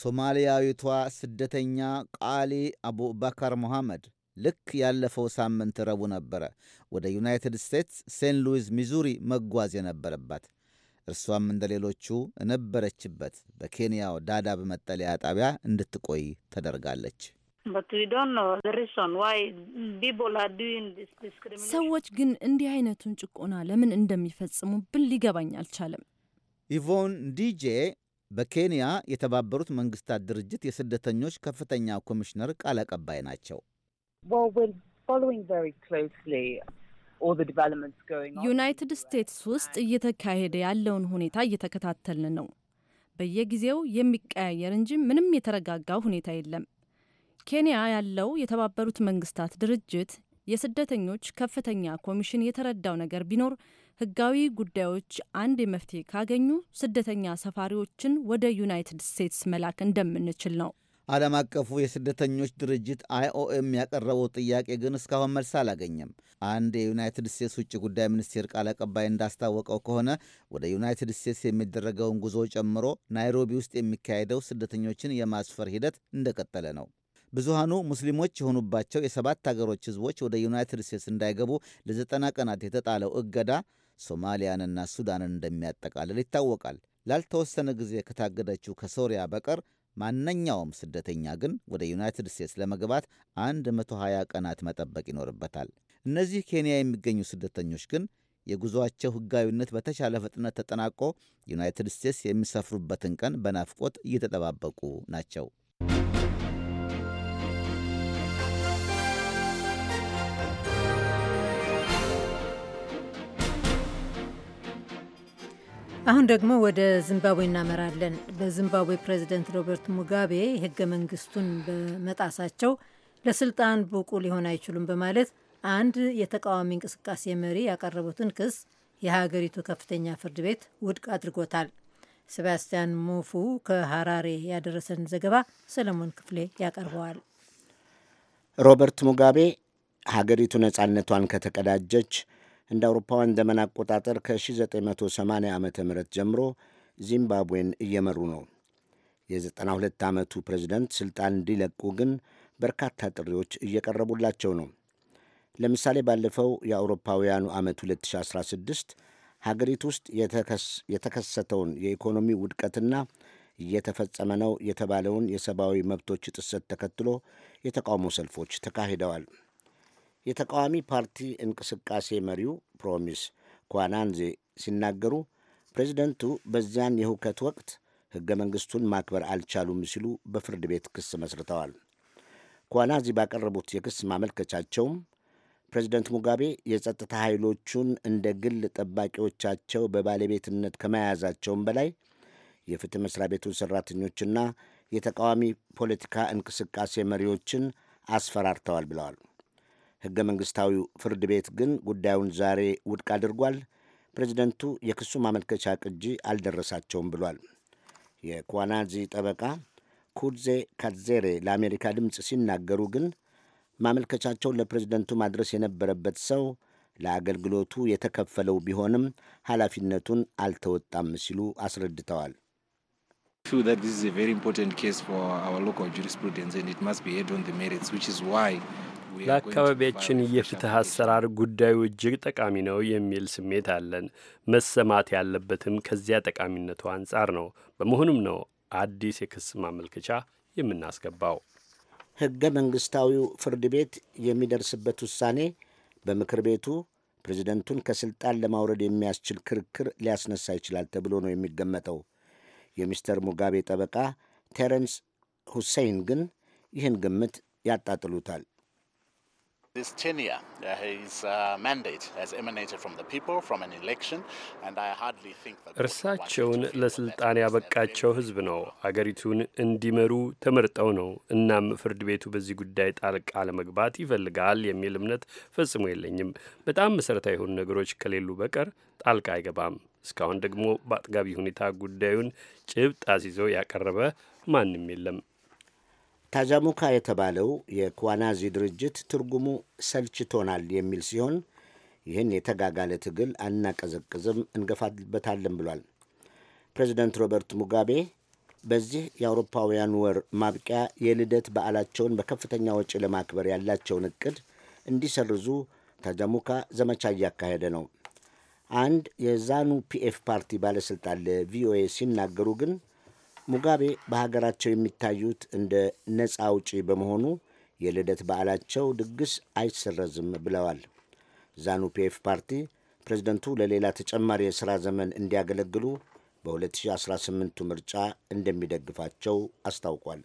ሶማሊያዊቷ ስደተኛ ቃሊ አቡበከር ሞሐመድ ልክ ያለፈው ሳምንት ረቡዕ ነበረ ወደ ዩናይትድ ስቴትስ ሴንት ሉዊስ ሚዙሪ መጓዝ የነበረባት። እርሷም እንደ ሌሎቹ እነበረችበት በኬንያው ዳዳብ መጠለያ ጣቢያ እንድትቆይ ተደርጋለች። ሰዎች ግን እንዲህ አይነቱን ጭቆና ለምን እንደሚፈጽሙብን ሊገባኝ አልቻለም። ኢቮን ዲጄ በኬንያ የተባበሩት መንግስታት ድርጅት የስደተኞች ከፍተኛ ኮሚሽነር ቃል አቀባይ ናቸው። ዩናይትድ ስቴትስ ውስጥ እየተካሄደ ያለውን ሁኔታ እየተከታተልን ነው። በየጊዜው የሚቀያየር እንጂ ምንም የተረጋጋ ሁኔታ የለም። ኬንያ ያለው የተባበሩት መንግስታት ድርጅት የስደተኞች ከፍተኛ ኮሚሽን የተረዳው ነገር ቢኖር ህጋዊ ጉዳዮች አንድ መፍትሄ ካገኙ ስደተኛ ሰፋሪዎችን ወደ ዩናይትድ ስቴትስ መላክ እንደምንችል ነው። ዓለም አቀፉ የስደተኞች ድርጅት አይኦኤም ያቀረበው ጥያቄ ግን እስካሁን መልስ አላገኘም። አንድ የዩናይትድ ስቴትስ ውጭ ጉዳይ ሚኒስቴር ቃል አቀባይ እንዳስታወቀው ከሆነ ወደ ዩናይትድ ስቴትስ የሚደረገውን ጉዞ ጨምሮ ናይሮቢ ውስጥ የሚካሄደው ስደተኞችን የማስፈር ሂደት እንደቀጠለ ነው። ብዙሃኑ ሙስሊሞች የሆኑባቸው የሰባት አገሮች ህዝቦች ወደ ዩናይትድ ስቴትስ እንዳይገቡ ለዘጠና ቀናት የተጣለው እገዳ ሶማሊያንና ሱዳንን እንደሚያጠቃልል ይታወቃል። ላልተወሰነ ጊዜ ከታገደችው ከሶሪያ በቀር ማንኛውም ስደተኛ ግን ወደ ዩናይትድ ስቴትስ ለመግባት 120 ቀናት መጠበቅ ይኖርበታል። እነዚህ ኬንያ የሚገኙ ስደተኞች ግን የጉዞአቸው ህጋዊነት በተሻለ ፍጥነት ተጠናቆ ዩናይትድ ስቴትስ የሚሰፍሩበትን ቀን በናፍቆት እየተጠባበቁ ናቸው። አሁን ደግሞ ወደ ዚምባብዌ እናመራለን። በዚምባብዌ ፕሬዚደንት ሮበርት ሙጋቤ ሕገ መንግስቱን በመጣሳቸው ለስልጣን ብቁ ሊሆን አይችሉም በማለት አንድ የተቃዋሚ እንቅስቃሴ መሪ ያቀረቡትን ክስ የሀገሪቱ ከፍተኛ ፍርድ ቤት ውድቅ አድርጎታል። ሴባስቲያን ሞፉ ከሀራሬ ያደረሰን ዘገባ ሰለሞን ክፍሌ ያቀርበዋል። ሮበርት ሙጋቤ ሀገሪቱ ነጻነቷን ከተቀዳጀች እንደ አውሮፓውያን ዘመን አቆጣጠር ከ1980 ዓ ም ጀምሮ ዚምባብዌን እየመሩ ነው። የ92 ዓመቱ ፕሬዚደንት ስልጣን እንዲለቁ ግን በርካታ ጥሪዎች እየቀረቡላቸው ነው። ለምሳሌ ባለፈው የአውሮፓውያኑ ዓመት 2016 ሀገሪቱ ውስጥ የተከሰተውን የኢኮኖሚ ውድቀትና እየተፈጸመ ነው የተባለውን የሰብአዊ መብቶች ጥሰት ተከትሎ የተቃውሞ ሰልፎች ተካሂደዋል። የተቃዋሚ ፓርቲ እንቅስቃሴ መሪው ፕሮሚስ ኳናንዜ ሲናገሩ ፕሬዚደንቱ በዚያን የሁከት ወቅት ሕገ መንግሥቱን ማክበር አልቻሉም ሲሉ በፍርድ ቤት ክስ መስርተዋል። ኳናዚ ባቀረቡት የክስ ማመልከቻቸውም ፕሬዚደንት ሙጋቤ የጸጥታ ኃይሎቹን እንደ ግል ጠባቂዎቻቸው በባለቤትነት ከመያዛቸውም በላይ የፍትህ መስሪያ ቤቱ ሠራተኞችና የተቃዋሚ ፖለቲካ እንቅስቃሴ መሪዎችን አስፈራርተዋል ብለዋል። ሕገ መንግሥታዊው ፍርድ ቤት ግን ጉዳዩን ዛሬ ውድቅ አድርጓል። ፕሬዚደንቱ የክሱ ማመልከቻ ቅጂ አልደረሳቸውም ብሏል። የኳናዚ ጠበቃ ኩድዜ ካዜሬ ለአሜሪካ ድምፅ ሲናገሩ ግን ማመልከቻቸውን ለፕሬዝደንቱ ማድረስ የነበረበት ሰው ለአገልግሎቱ የተከፈለው ቢሆንም ኃላፊነቱን አልተወጣም ሲሉ አስረድተዋል። ለአካባቢያችን የፍትህ አሰራር ጉዳዩ እጅግ ጠቃሚ ነው የሚል ስሜት አለን። መሰማት ያለበትም ከዚያ ጠቃሚነቱ አንጻር ነው። በመሆኑም ነው አዲስ የክስ ማመልከቻ የምናስገባው። ሕገ መንግሥታዊው ፍርድ ቤት የሚደርስበት ውሳኔ በምክር ቤቱ ፕሬዚደንቱን ከሥልጣን ለማውረድ የሚያስችል ክርክር ሊያስነሳ ይችላል ተብሎ ነው የሚገመተው። የሚስተር ሙጋቤ ጠበቃ ቴረንስ ሁሴይን ግን ይህን ግምት ያጣጥሉታል። This tenure, uh, his uh, mandate has emanated from the people, from an election, and I hardly think that እርሳቸውን ለስልጣን ያበቃቸው ህዝብ ነው። አገሪቱን እንዲመሩ ተመርጠው ነው። እናም ፍርድ ቤቱ በዚህ ጉዳይ ጣልቃ ለመግባት ይፈልጋል የሚል እምነት ፈጽሞ የለኝም። በጣም መሰረታዊ የሆኑ ነገሮች ከሌሉ በቀር ጣልቃ አይገባም። እስካሁን ደግሞ በአጥጋቢ ሁኔታ ጉዳዩን ጭብጥ አስይዞ ያቀረበ ማንም የለም። ታጃሙካ የተባለው የኳናዚ ድርጅት ትርጉሙ ሰልችቶናል የሚል ሲሆን ይህን የተጋጋለ ትግል አናቀዘቅዝም እንገፋበታለን ብሏል። ፕሬዚደንት ሮበርት ሙጋቤ በዚህ የአውሮፓውያን ወር ማብቂያ የልደት በዓላቸውን በከፍተኛ ወጪ ለማክበር ያላቸውን እቅድ እንዲሰርዙ ታጃሙካ ዘመቻ እያካሄደ ነው። አንድ የዛኑ ፒኤፍ ፓርቲ ባለሥልጣን ለቪኦኤ ሲናገሩ ግን ሙጋቤ በሀገራቸው የሚታዩት እንደ ነፃ አውጪ በመሆኑ የልደት በዓላቸው ድግስ አይሰረዝም ብለዋል። ዛኑ ፒኤፍ ፓርቲ ፕሬዝደንቱ ለሌላ ተጨማሪ የሥራ ዘመን እንዲያገለግሉ በ2018ቱ ምርጫ እንደሚደግፋቸው አስታውቋል።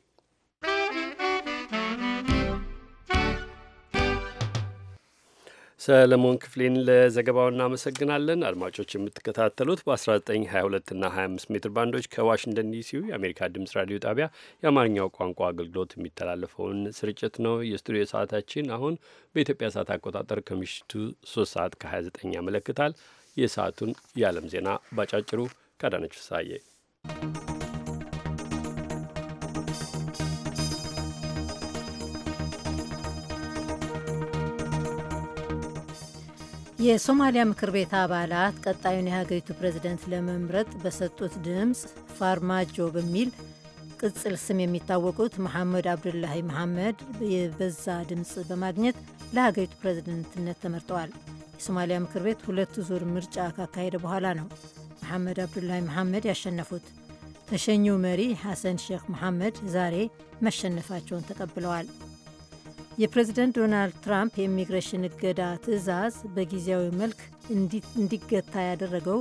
ሰለሞን ክፍሌን ለዘገባው እናመሰግናለን። አድማጮች የምትከታተሉት በ1922 እና 25 ሜትር ባንዶች ከዋሽንግተን ዲሲው የአሜሪካ ድምፅ ራዲዮ ጣቢያ የአማርኛው ቋንቋ አገልግሎት የሚተላለፈውን ስርጭት ነው። የስቱዲዮ ሰዓታችን አሁን በኢትዮጵያ ሰዓት አቆጣጠር ከምሽቱ 3 ሰዓት ከ29 ያመለክታል። የሰዓቱን የዓለም ዜና ባጫጭሩ ከአዳነች ፍሳዬ የሶማሊያ ምክር ቤት አባላት ቀጣዩን የሀገሪቱ ፕሬዝደንት ለመምረጥ በሰጡት ድምፅ ፋርማጆ በሚል ቅጽል ስም የሚታወቁት መሐመድ አብዱላሂ መሐመድ የበዛ ድምፅ በማግኘት ለሀገሪቱ ፕሬዝደንትነት ተመርጠዋል። የሶማሊያ ምክር ቤት ሁለት ዙር ምርጫ ካካሄደ በኋላ ነው መሐመድ አብዱላሂ መሐመድ ያሸነፉት። ተሸኚው መሪ ሐሰን ሼክ መሐመድ ዛሬ መሸነፋቸውን ተቀብለዋል። የፕሬዝደንት ዶናልድ ትራምፕ የኢሚግሬሽን እገዳ ትዕዛዝ በጊዜያዊ መልክ እንዲገታ ያደረገው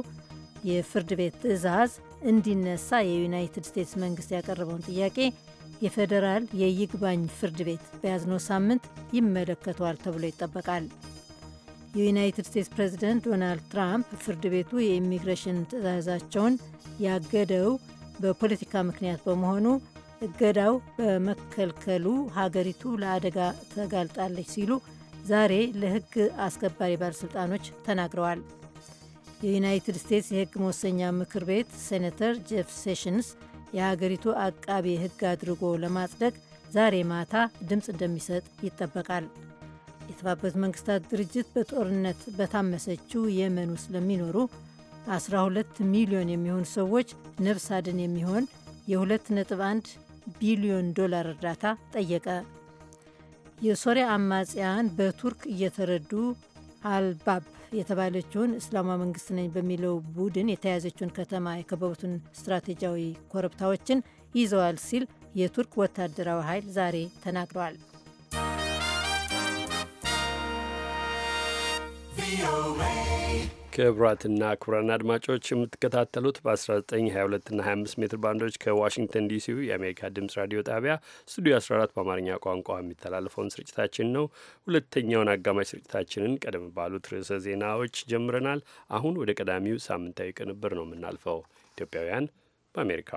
የፍርድ ቤት ትዕዛዝ እንዲነሳ የዩናይትድ ስቴትስ መንግስት ያቀረበውን ጥያቄ የፌዴራል የይግባኝ ፍርድ ቤት በያዝነው ሳምንት ይመለከተዋል ተብሎ ይጠበቃል። የዩናይትድ ስቴትስ ፕሬዝደንት ዶናልድ ትራምፕ ፍርድ ቤቱ የኢሚግሬሽን ትዕዛዛቸውን ያገደው በፖለቲካ ምክንያት በመሆኑ እገዳው በመከልከሉ ሀገሪቱ ለአደጋ ተጋልጣለች ሲሉ ዛሬ ለሕግ አስከባሪ ባለሥልጣኖች ተናግረዋል። የዩናይትድ ስቴትስ የሕግ መወሰኛ ምክር ቤት ሴኔተር ጄፍ ሴሽንስ የሀገሪቱ አቃቢ ሕግ አድርጎ ለማጽደቅ ዛሬ ማታ ድምፅ እንደሚሰጥ ይጠበቃል። የተባበሩት መንግስታት ድርጅት በጦርነት በታመሰችው የመን ውስጥ ለሚኖሩ 12 ሚሊዮን የሚሆኑ ሰዎች ነፍስ አድን የሚሆን የ2.1 ቢሊዮን ዶላር እርዳታ ጠየቀ። የሶሪያ አማጽያን በቱርክ እየተረዱ አልባብ የተባለችውን እስላማዊ መንግስት ነኝ በሚለው ቡድን የተያዘችውን ከተማ የከበቡትን ስትራቴጂያዊ ኮረብታዎችን ይዘዋል ሲል የቱርክ ወታደራዊ ኃይል ዛሬ ተናግረዋል። ቪኦኤ ክቡራትና ክቡራን አድማጮች የምትከታተሉት በ1922ና 25 ሜትር ባንዶች ከዋሽንግተን ዲሲው የአሜሪካ ድምፅ ራዲዮ ጣቢያ ስቱዲዮ 14 በአማርኛ ቋንቋ የሚተላለፈውን ስርጭታችን ነው። ሁለተኛውን አጋማሽ ስርጭታችንን ቀደም ባሉት ርዕሰ ዜናዎች ጀምረናል። አሁን ወደ ቀዳሚው ሳምንታዊ ቅንብር ነው የምናልፈው። ኢትዮጵያውያን በአሜሪካ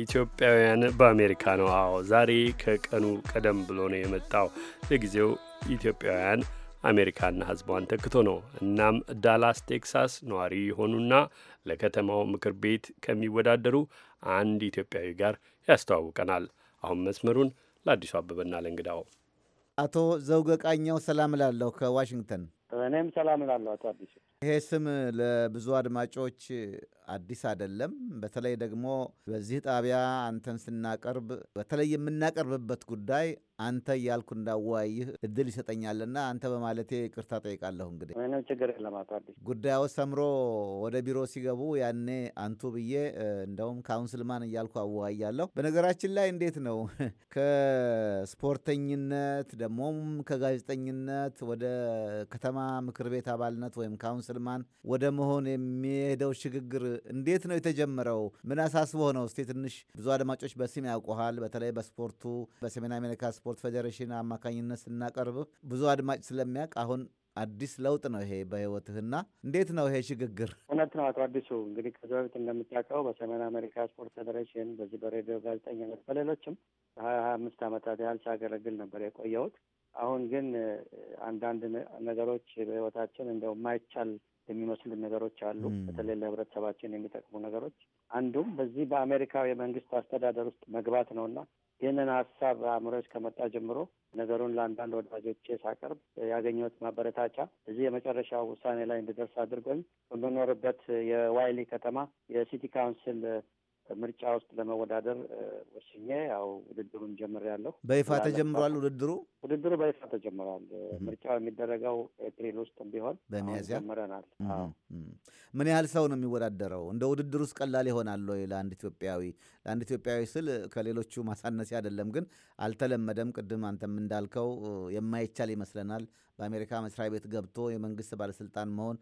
ኢትዮጵያውያን በአሜሪካ ነው። አዎ ዛሬ ከቀኑ ቀደም ብሎ ነው የመጣው። ለጊዜው ኢትዮጵያውያን አሜሪካና ሕዝቧን ተክቶ ነው። እናም ዳላስ ቴክሳስ ነዋሪ የሆኑና ለከተማው ምክር ቤት ከሚወዳደሩ አንድ ኢትዮጵያዊ ጋር ያስተዋውቀናል። አሁን መስመሩን ለአዲሱ አበበና ለእንግዳው አቶ ዘውገቃኛው ሰላም ላለሁ ከዋሽንግተን እኔም ሰላም ላለሁ አቶ አዲሱ ይሄ ስም ለብዙ አድማጮች አዲስ አይደለም። በተለይ ደግሞ በዚህ ጣቢያ አንተን ስናቀርብ በተለይ የምናቀርብበት ጉዳይ አንተ እያልኩ እንዳወያይህ እድል ይሰጠኛልና አንተ በማለቴ ቅርታ ጠይቃለሁ። እንግዲህ ምንም ችግር የለም አቶ አዲስ። ጉዳዩ ሰምሮ ወደ ቢሮ ሲገቡ ያኔ አንቱ ብዬ እንደውም ካውንስልማን እያልኩ አወያያለሁ። በነገራችን ላይ እንዴት ነው ከስፖርተኝነት ደግሞም ከጋዜጠኝነት ወደ ከተማ ምክር ቤት አባልነት ወይም ካውንስልማን ወደ መሆን የሚሄደው ሽግግር እንዴት ነው የተጀመረው? ምን አሳስቦ ነው? እስቲ ትንሽ ብዙ አድማጮች በስም ያውቁሃል፣ በተለይ በስፖርቱ በሰሜን አሜሪካ ስፖርት ስፖርት ፌዴሬሽን አማካኝነት ስናቀርብ ብዙ አድማጭ ስለሚያውቅ አሁን አዲስ ለውጥ ነው ይሄ በህይወትህና፣ እንዴት ነው ይሄ ሽግግር? እውነት ነው አቶ አዲሱ። እንግዲህ ከዚ በፊት እንደምታውቀው በሰሜን አሜሪካ ስፖርት ፌዴሬሽን በዚህ በሬዲዮ ጋዜጠኝነት በሌሎችም ሀያ ሀያ አምስት ዓመታት ያህል ሲያገለግል ነበር የቆየሁት። አሁን ግን አንዳንድ ነገሮች በህይወታችን እንደው የማይቻል የሚመስሉ ነገሮች አሉ። በተለይ ለህብረተሰባችን የሚጠቅሙ ነገሮች አንዱም በዚህ በአሜሪካ የመንግስት አስተዳደር ውስጥ መግባት ነውና ይህንን ሀሳብ አእምሮች ከመጣ ጀምሮ ነገሩን ለአንዳንድ ወዳጆቼ ሳቀርብ ያገኘሁት ማበረታቻ እዚህ የመጨረሻ ውሳኔ ላይ እንድደርስ አድርጎኝ በምኖርበት የዋይሊ ከተማ የሲቲ ካውንስል ምርጫ ውስጥ ለመወዳደር ወስኜ ያው ውድድሩን ጀምሬያለሁ። በይፋ ተጀምሯል ውድድሩ ውድድሩ በይፋ ተጀምሯል። ምርጫው የሚደረገው ኤፕሪል ውስጥ ቢሆን በሚያዚያ ጀምረናል። ምን ያህል ሰው ነው የሚወዳደረው? እንደ ውድድሩ ውስጥ ቀላል ይሆናል ወይ ለአንድ ኢትዮጵያዊ? ለአንድ ኢትዮጵያዊ ስል ከሌሎቹ ማሳነሴ አይደለም፣ ግን አልተለመደም። ቅድም አንተም እንዳልከው የማይቻል ይመስለናል። በአሜሪካ መስሪያ ቤት ገብቶ የመንግስት ባለስልጣን መሆን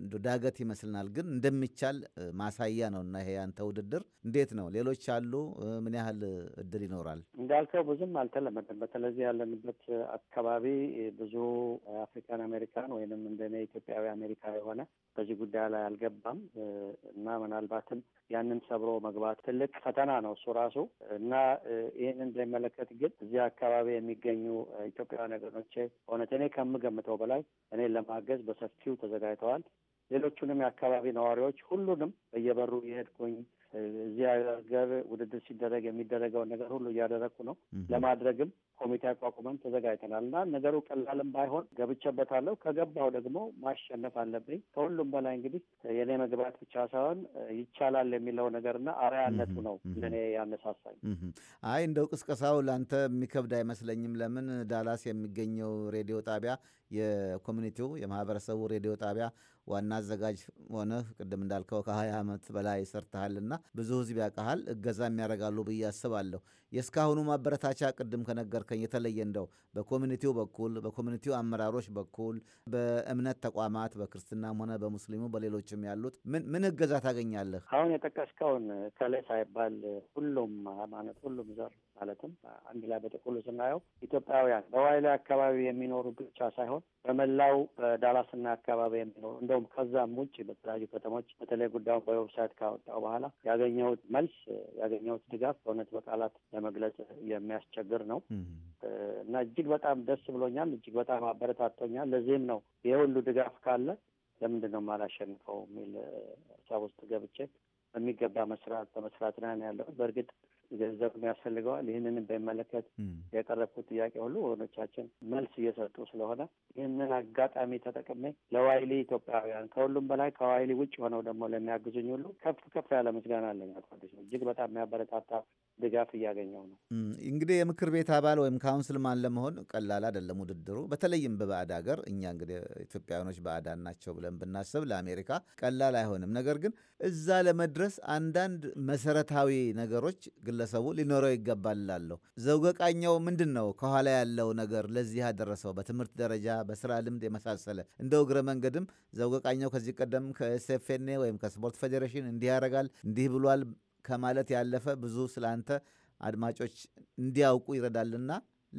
እንደ ዳገት ይመስልናል፣ ግን እንደሚቻል ማሳያ ነው። እና ይሄ ያንተ ውድድር እንዴት ነው? ሌሎች አሉ? ምን ያህል እድል ይኖራል? እንዳልከው ብዙም አልተለመደም። በተለዚህ ያለንበት አካባቢ ብዙ አፍሪካን አሜሪካን ወይንም እንደ ኢትዮጵያዊ አሜሪካ የሆነ በዚህ ጉዳይ ላይ አልገባም እና ምናልባትም ያንን ሰብሮ መግባት ትልቅ ፈተና ነው እሱ ራሱ እና ይህንን በሚመለከት ግን እዚህ አካባቢ የሚገኙ ኢትዮጵያውያን ወገኖቼ እውነት እኔ ከምገምተው በላይ እኔን ለማገዝ በሰፊው ተዘጋጅተዋል። ሌሎቹንም የአካባቢ ነዋሪዎች ሁሉንም በየበሩ የሄድኩኝ እዚህ ሀገር ውድድር ሲደረግ የሚደረገውን ነገር ሁሉ እያደረግኩ ነው። ለማድረግም ኮሚቴ አቋቁመን ተዘጋጅተናል እና ነገሩ ቀላልም ባይሆን ገብቼበታለሁ። ከገባው ደግሞ ማሸነፍ አለብኝ። ከሁሉም በላይ እንግዲህ የኔ መግባት ብቻ ሳይሆን ይቻላል የሚለው ነገርና አርአያነቱ ነው ለእኔ ያነሳሳኝ። አይ እንደው ቅስቀሳው ለአንተ የሚከብድ አይመስለኝም። ለምን ዳላስ የሚገኘው ሬዲዮ ጣቢያ የኮሚኒቲው የማህበረሰቡ ሬዲዮ ጣቢያ ዋና አዘጋጅ ሆነህ ቅድም እንዳልከው ከ20 ዓመት በላይ ሰርተሃልና ብዙ ህዝብ ያውቅሃል፣ እገዛም ያደርጋሉ ብዬ አስባለሁ። የእስካሁኑ ማበረታቻ ቅድም ከነገርከኝ የተለየ እንደው በኮሚኒቲው በኩል በኮሚኒቲው አመራሮች በኩል በእምነት ተቋማት በክርስትናም ሆነ በሙስሊሙ በሌሎችም ያሉት ምን ምን እገዛ ታገኛለህ? አሁን የጠቀስከውን ከላይ ሳይባል ሁሉም ሃይማኖት፣ ሁሉም ዘር፣ ማለትም አንድ ላይ በጥቅሉ ስናየው ኢትዮጵያውያን በዋይላ አካባቢ የሚኖሩ ብቻ ሳይሆን በመላው በዳላስና አካባቢ የሚኖሩ እንደውም ከዛም ውጭ በተለያዩ ከተሞች በተለይ ጉዳዩን በዌብሳይት ካወጣው በኋላ ያገኘሁት መልስ ያገኘሁት ድጋፍ በእውነት በቃላት ለመግለጽ የሚያስቸግር ነው እና እጅግ በጣም ደስ ብሎኛል። እጅግ በጣም አበረታቶኛል። ለዚህም ነው ይህ ሁሉ ድጋፍ ካለ ለምንድን ነው የማላሸንፈው የሚል ሀሳብ ውስጥ ገብቼ በሚገባ መስራት በመስራት ላይ ነው ያለሁት። በእርግጥ ገንዘብ ያስፈልገዋል። ይህንንም በሚመለከት የቀረብኩት ጥያቄ ሁሉ ወገኖቻችን መልስ እየሰጡ ስለሆነ ይህንን አጋጣሚ ተጠቅሜ ለዋይሊ ኢትዮጵያውያን፣ ከሁሉም በላይ ከዋይሊ ውጭ ሆነው ደግሞ ለሚያግዙኝ ሁሉ ከፍ ከፍ ያለ ምስጋና አለኝ። አቶ አዲሱ እጅግ በጣም የሚያበረታታ ድጋፍ እያገኘው ነው። እንግዲህ የምክር ቤት አባል ወይም ካውንስል ማን ለመሆን ቀላል አይደለም ውድድሩ። በተለይም በባዕድ ሀገር እኛ እንግዲህ ኢትዮጵያውያኖች ባዕዳን ናቸው ብለን ብናስብ ለአሜሪካ ቀላል አይሆንም። ነገር ግን እዛ ለመድረስ አንዳንድ መሰረታዊ ነገሮች ግለሰቡ ሊኖረው ይገባላለሁ። ዘውገቃኛው ምንድን ነው ከኋላ ያለው ነገር ለዚህ ያደረሰው በትምህርት ደረጃ በስራ ልምድ የመሳሰለ እንደው እግረ መንገድም ዘውገቃኛው ከዚህ ቀደም ከኤስኤፍኔ ወይም ከስፖርት ፌዴሬሽን እንዲህ ያደርጋል እንዲህ ብሏል ከማለት ያለፈ ብዙ ስላንተ አድማጮች እንዲያውቁ ይረዳልና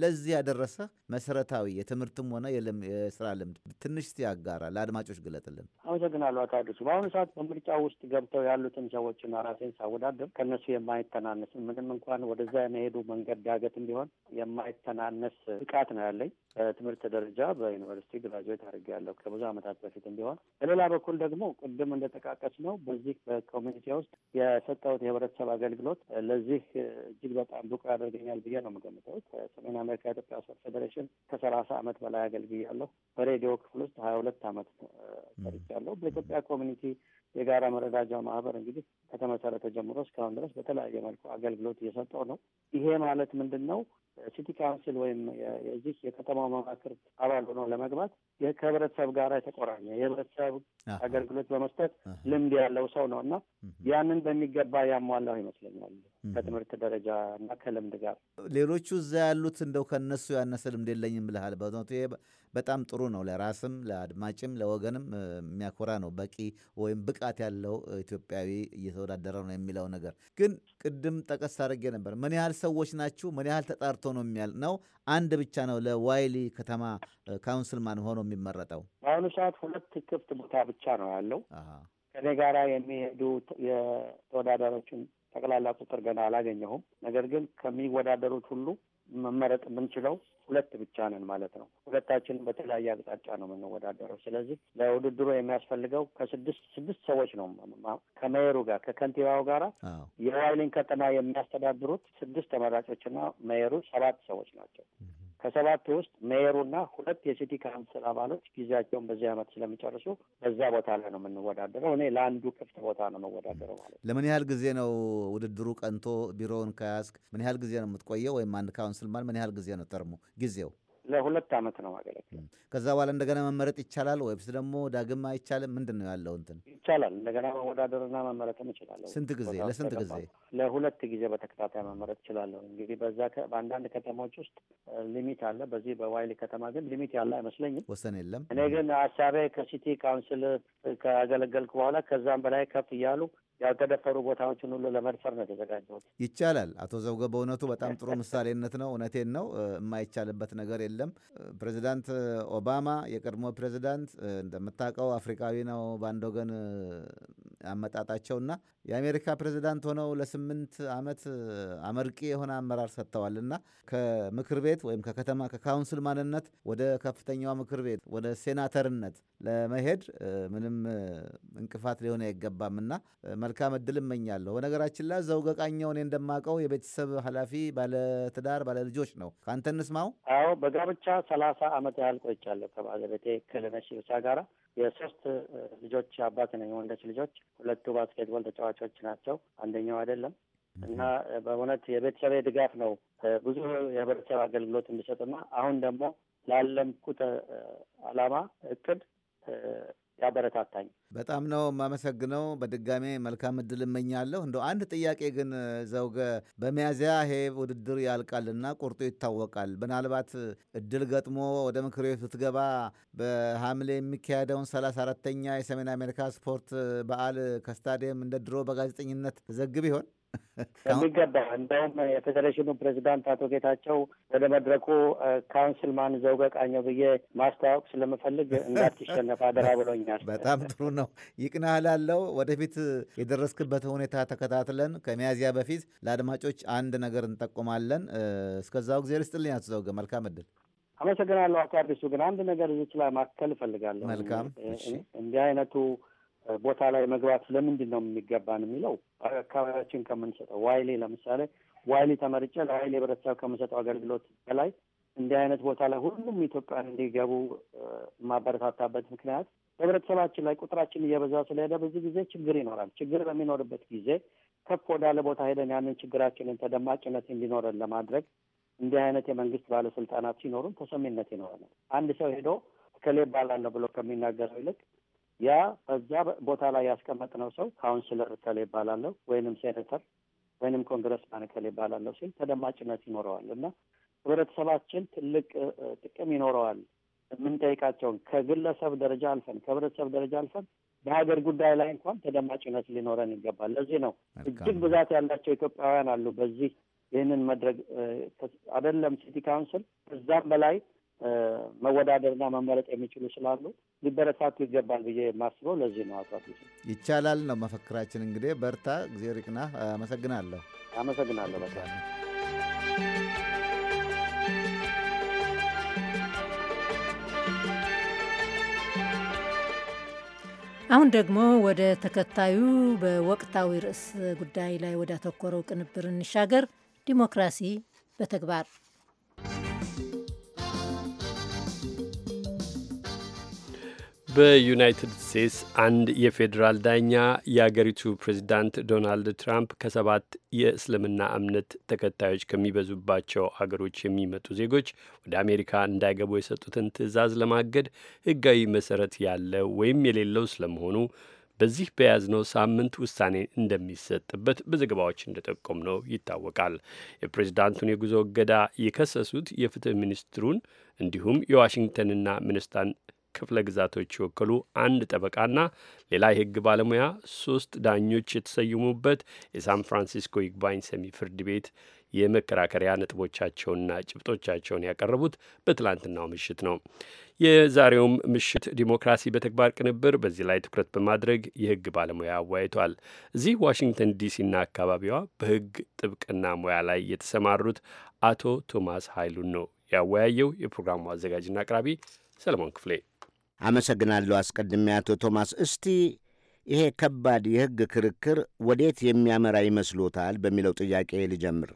ለዚህ ያደረሰ መሰረታዊ የትምህርትም ሆነ የስራ ልምድ ትንሽ ሲያጋራ ለአድማጮች ግለጥልን። አመሰግናለሁ። አቶ አዲሱ በአሁኑ ሰዓት በምርጫ ውስጥ ገብተው ያሉትን ሰዎችና ራሴን ሳወዳደር ከእነሱ የማይተናነስ ምንም እንኳን ወደዛ የመሄዱ መንገድ ዳገትም ቢሆን የማይተናነስ ብቃት ነው ያለኝ። በትምህርት ደረጃ በዩኒቨርሲቲ ግራጁዌት አድርጌያለሁ ከብዙ ዓመታት በፊትም ቢሆን። በሌላ በኩል ደግሞ ቅድም እንደጠቃቀስ ነው በዚህ በኮሚኒቲ ውስጥ የሰጠሁት የህብረተሰብ አገልግሎት ለዚህ እጅግ በጣም ብቁ ያደርገኛል ብዬ ነው የምገምተው። የአሜሪካ ኢትዮጵያ ስፖርት ፌዴሬሽን ከሰላሳ አመት በላይ አገልግያለሁ። በሬዲዮ ክፍል ውስጥ ሀያ ሁለት አመት ሰርቻለሁ። በኢትዮጵያ ኮሚኒቲ የጋራ መረዳጃ ማህበር እንግዲህ ከተመሰረተ ጀምሮ እስካሁን ድረስ በተለያየ መልኩ አገልግሎት እየሰጠው ነው። ይሄ ማለት ምንድን ነው? ሲቲ ካውንስል ወይም የዚህ የከተማው መማክር አባል ሆኖ ለመግባት ከህብረተሰብ ጋር የተቆራኘ የህብረተሰብ አገልግሎት በመስጠት ልምድ ያለው ሰው ነው እና ያንን በሚገባ ያሟላው ይመስለኛል። ከትምህርት ደረጃ እና ከልምድ ጋር ሌሎቹ እዛ ያሉት እንደው ከነሱ ያነሰ ልምድ የለኝም ብልሃል። በእውነቱ ይሄ በጣም ጥሩ ነው። ለራስም ለአድማጭም ለወገንም የሚያኮራ ነው። በቂ ወይም ብቃት ያለው ኢትዮጵያዊ እየተወዳደረ ነው የሚለው ነገር ግን ቅድም ጠቀስ አድርጌ ነበር። ምን ያህል ሰዎች ናችሁ? ምን ያህል ተጣርቶ ነው የሚያል ነው? አንድ ብቻ ነው ለዋይሊ ከተማ ካውንስልማን ሆኖ የሚመረጠው። በአሁኑ ሰዓት ሁለት ክፍት ቦታ ብቻ ነው ያለው ከኔ ጋራ የሚሄዱ የተወዳዳሪዎችን ጠቅላላ ቁጥር ገና አላገኘሁም። ነገር ግን ከሚወዳደሩት ሁሉ መመረጥ የምንችለው ሁለት ብቻ ነን ማለት ነው። ሁለታችንም በተለያየ አቅጣጫ ነው የምንወዳደረው። ስለዚህ ለውድድሩ የሚያስፈልገው ከስድስት ስድስት ሰዎች ነው። ከሜየሩ ጋር ከከንቲባው ጋራ የዋይሊን ከተማ የሚያስተዳድሩት ስድስት ተመራጮችና ሜየሩ ሰባት ሰዎች ናቸው። ከሰባቱ ውስጥ ሜየሩና ሁለት የሲቲ ካውንስል አባሎች ጊዜያቸውን በዚህ ዓመት ስለሚጨርሱ በዛ ቦታ ላይ ነው የምንወዳደረው። እኔ ለአንዱ ክፍት ቦታ ነው የምወዳደረው ማለት ነው። ለምን ያህል ጊዜ ነው ውድድሩ ቀንቶ ቢሮውን ከያዝክ ምን ያህል ጊዜ ነው የምትቆየው? ወይም አንድ ካውንስል ማል ምን ያህል ጊዜ ነው ተርሙ ጊዜው? ለሁለት አመት ነው ማገለግለው። ከዛ በኋላ እንደገና መመረጥ ይቻላል ወይስ ደግሞ ዳግም አይቻልም? ምንድን ነው ያለው? እንትን ይቻላል። እንደገና መወዳደርና መመረጥም ይችላለሁ። ስንት ጊዜ? ለስንት ጊዜ? ለሁለት ጊዜ በተከታታይ መመረጥ ይችላለሁ። እንግዲህ በዛ በአንዳንድ ከተሞች ውስጥ ሊሚት አለ። በዚህ በዋይሊ ከተማ ግን ሊሚት ያለ አይመስለኝም፣ ወሰን የለም። እኔ ግን ሀሳቤ ከሲቲ ካውንስል ካገለገልኩ በኋላ ከዛም በላይ ከፍ እያሉ ያልተደፈሩ ቦታዎችን ሁሉ ለመድፈር ነው የተዘጋጀሁት። ይቻላል። አቶ ዘውገ በእውነቱ በጣም ጥሩ ምሳሌነት ነው። እውነቴን ነው። የማይቻልበት ነገር የለም። ፕሬዚዳንት ኦባማ የቀድሞ ፕሬዚዳንት እንደምታውቀው አፍሪካዊ ነው በአንድ ወገን አመጣጣቸውና የአሜሪካ ፕሬዚዳንት ሆነው ለስምንት ዓመት አመርቂ የሆነ አመራር ሰጥተዋልና ከምክር ቤት ወይም ከከተማ ከካውንስል ማንነት ወደ ከፍተኛዋ ምክር ቤት ወደ ሴናተርነት ለመሄድ ምንም እንቅፋት ሊሆን አይገባምና መልካም እድል እመኛለሁ። በነገራችን ላይ ዘውገ ቃኘው እኔ እንደማውቀው የቤተሰብ ኃላፊ ባለትዳር ባለልጆች ነው። ከአንተ እንስማው። አዎ በጋብቻ ሰላሳ አመት ያህል ቆይቻለሁ ከባለቤቴ ክልነሽ ብቻ ጋራ። የሶስት ልጆች አባት ነኝ። የወንዶች ልጆች ሁለቱ ባስኬትቦል ተጫዋቾች ናቸው፣ አንደኛው አይደለም። እና በእውነት የቤተሰብ ድጋፍ ነው ብዙ የህብረተሰብ አገልግሎት እንዲሰጥና አሁን ደግሞ ላለምኩት አላማ እቅድ ያበረታታኝ። በጣም ነው የማመሰግነው። በድጋሜ መልካም እድል እመኛለሁ። እንደ አንድ ጥያቄ ግን ዘውገ፣ በሚያዝያ ይሄ ውድድር ያልቃልና ቁርጡ ይታወቃል። ምናልባት እድል ገጥሞ ወደ ምክር ቤት ብትገባ በሐምሌ የሚካሄደውን ሰላሳ አራተኛ የሰሜን አሜሪካ ስፖርት በዓል ከስታዲየም እንደ ድሮ በጋዜጠኝነት ዘግብ ይሆን? የሚገባ እንደውም የፌዴሬሽኑ ፕሬዚዳንት አቶ ጌታቸው ወደ መድረኩ ካውንስል ማን ዘውገ ቃኘው ብዬ ማስተዋወቅ ስለምፈልግ እንዳትሸነፍ አደራ ብሎኛል። በጣም ጥሩ ነው። ይቅናህ ላለው ወደፊት የደረስክበት ሁኔታ ተከታትለን ከሚያዝያ በፊት ለአድማጮች አንድ ነገር እንጠቁማለን። እስከዛው ጊዜ ልስጥልኝ አቶ ዘውገ መልካም እድል። አመሰግናለሁ አቶ አዲሱ። ግን አንድ ነገር እዚች ላይ ማከል እፈልጋለሁ። መልካም እንዲህ አይነቱ ቦታ ላይ መግባት ለምንድን ነው የሚገባን የሚለው አካባቢያችን ከምንሰጠው ዋይሌ ለምሳሌ ዋይሌ ተመርጬ ለዋይሌ ህብረተሰብ ከምንሰጠው አገልግሎት በላይ እንዲህ አይነት ቦታ ላይ ሁሉም ኢትዮጵያን እንዲገቡ የማበረታታበት ምክንያት በህብረተሰባችን ላይ ቁጥራችን እየበዛ ስለሄደ ብዙ ጊዜ ችግር ይኖራል። ችግር በሚኖርበት ጊዜ ከፍ ወዳለ ቦታ ሄደን ያንን ችግራችንን ተደማጭነት እንዲኖረን ለማድረግ እንዲህ አይነት የመንግስት ባለስልጣናት ሲኖሩን ተሰሚነት ይኖረናል። አንድ ሰው ሄዶ ከሌ ባላለሁ ብሎ ከሚናገረው ይልቅ ያ በዛ ቦታ ላይ ያስቀመጥነው ሰው ካውንስለር እከሌ ይባላለሁ ወይንም ሴኔተር ወይንም ኮንግረስማን እከሌ ይባላለሁ ሲል ተደማጭነት ይኖረዋል እና ህብረተሰባችን ትልቅ ጥቅም ይኖረዋል። የምንጠይቃቸውን ከግለሰብ ደረጃ አልፈን ከህብረተሰብ ደረጃ አልፈን በሀገር ጉዳይ ላይ እንኳን ተደማጭነት ሊኖረን ይገባል። ለዚህ ነው እጅግ ብዛት ያላቸው ኢትዮጵያውያን አሉ። በዚህ ይህንን መድረግ አይደለም ሲቲ ካውንስል ከዛም በላይ መወዳደርና መመረጥ የሚችሉ ስላሉ ሊበረታቱ ይገባል ብዬ የማስበው ለዚህ ነው። አቶ ይቻላል ነው መፈክራችን። እንግዲህ በርታ፣ ጊዜ ሪቅና። አመሰግናለሁ። አመሰግናለሁ በጣም አሁን ደግሞ ወደ ተከታዩ በወቅታዊ ርዕስ ጉዳይ ላይ ወደ አተኮረው ቅንብር እንሻገር። ዲሞክራሲ በተግባር በዩናይትድ ስቴትስ አንድ የፌዴራል ዳኛ የአገሪቱ ፕሬዚዳንት ዶናልድ ትራምፕ ከሰባት የእስልምና እምነት ተከታዮች ከሚበዙባቸው አገሮች የሚመጡ ዜጎች ወደ አሜሪካ እንዳይገቡ የሰጡትን ትዕዛዝ ለማገድ ሕጋዊ መሰረት ያለው ወይም የሌለው ስለመሆኑ በዚህ በያዝነው ሳምንት ውሳኔ እንደሚሰጥበት በዘገባዎች እንደጠቆም ነው ይታወቃል። የፕሬዚዳንቱን የጉዞ እገዳ የከሰሱት የፍትህ ሚኒስትሩን እንዲሁም የዋሽንግተንና ሚኒስታን ክፍለ ግዛቶች የወከሉ አንድ ጠበቃና ሌላ የህግ ባለሙያ ሶስት ዳኞች የተሰየሙበት የሳን ፍራንሲስኮ ይግባኝ ሰሚ ፍርድ ቤት የመከራከሪያ ነጥቦቻቸውንና ጭብጦቻቸውን ያቀረቡት በትላንትናው ምሽት ነው። የዛሬውም ምሽት ዲሞክራሲ በተግባር ቅንብር በዚህ ላይ ትኩረት በማድረግ የህግ ባለሙያ አወያይቷል። እዚህ ዋሽንግተን ዲሲና አካባቢዋ በህግ ጥብቅና ሙያ ላይ የተሰማሩት አቶ ቶማስ ኃይሉን ነው ያወያየው። የፕሮግራሙ አዘጋጅና አቅራቢ ሰለሞን ክፍሌ አመሰግናለሁ አስቀድሜ አቶ ቶማስ። እስቲ ይሄ ከባድ የሕግ ክርክር ወዴት የሚያመራ ይመስሎታል በሚለው ጥያቄ ልጀምር።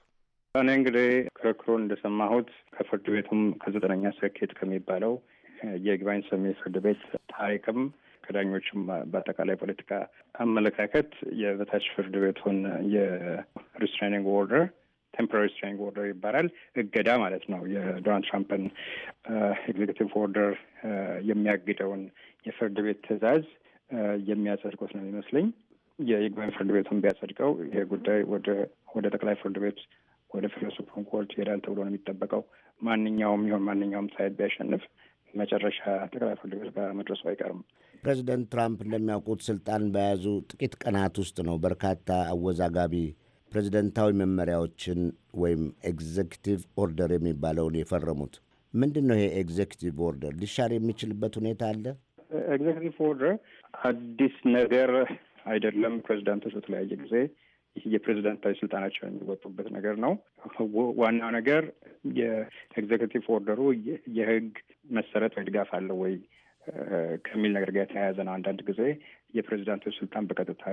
እኔ እንግዲህ ክርክሩን እንደሰማሁት ከፍርድ ቤቱም ከዘጠነኛ ሰርኬት ከሚባለው የይግባኝ ሰሚ ፍርድ ቤት ታሪክም ከዳኞችም በአጠቃላይ ፖለቲካ አመለካከት የበታች ፍርድ ቤቱን የሪስትሬኒንግ ኦርደር ቴምፖራሪ ስትሪንግ ኦርደር ይባላል። እገዳ ማለት ነው። የዶናልድ ትራምፕን ኤግዚኪቲቭ ኦርደር የሚያግደውን የፍርድ ቤት ትዕዛዝ የሚያጸድቁት ነው የሚመስለኝ። የይግባኝ ፍርድ ቤቱን ቢያጸድቀው ይሄ ጉዳይ ወደ ጠቅላይ ፍርድ ቤት ወደ ፌደራል ሱፕሪም ኮርት ይሄዳል ተብሎ ነው የሚጠበቀው። ማንኛውም ይሆን ማንኛውም ሳይድ ቢያሸንፍ መጨረሻ ጠቅላይ ፍርድ ቤት ጋር መድረሱ አይቀርም። ፕሬዚደንት ትራምፕ እንደሚያውቁት ስልጣን በያዙ ጥቂት ቀናት ውስጥ ነው በርካታ አወዛጋቢ ፕሬዚደንታዊ መመሪያዎችን ወይም ኤግዜክቲቭ ኦርደር የሚባለውን የፈረሙት። ምንድን ነው ይሄ ኤግዜክቲቭ ኦርደር? ሊሻር የሚችልበት ሁኔታ አለ? ኤግዜክቲቭ ኦርደር አዲስ ነገር አይደለም። ፕሬዚዳንቶች በተለያየ ጊዜ ይህ የፕሬዚዳንታዊ የሚወጡበት ነገር ነው። ዋናው ነገር የኤግዜክቲቭ ኦርደሩ የህግ መሰረት ወይ ድጋፍ አለው ወይ ከሚል ነገር ጋር የተያያዘ ነው። አንዳንድ ጊዜ የፕሬዚዳንቶች ስልጣን በቀጥታ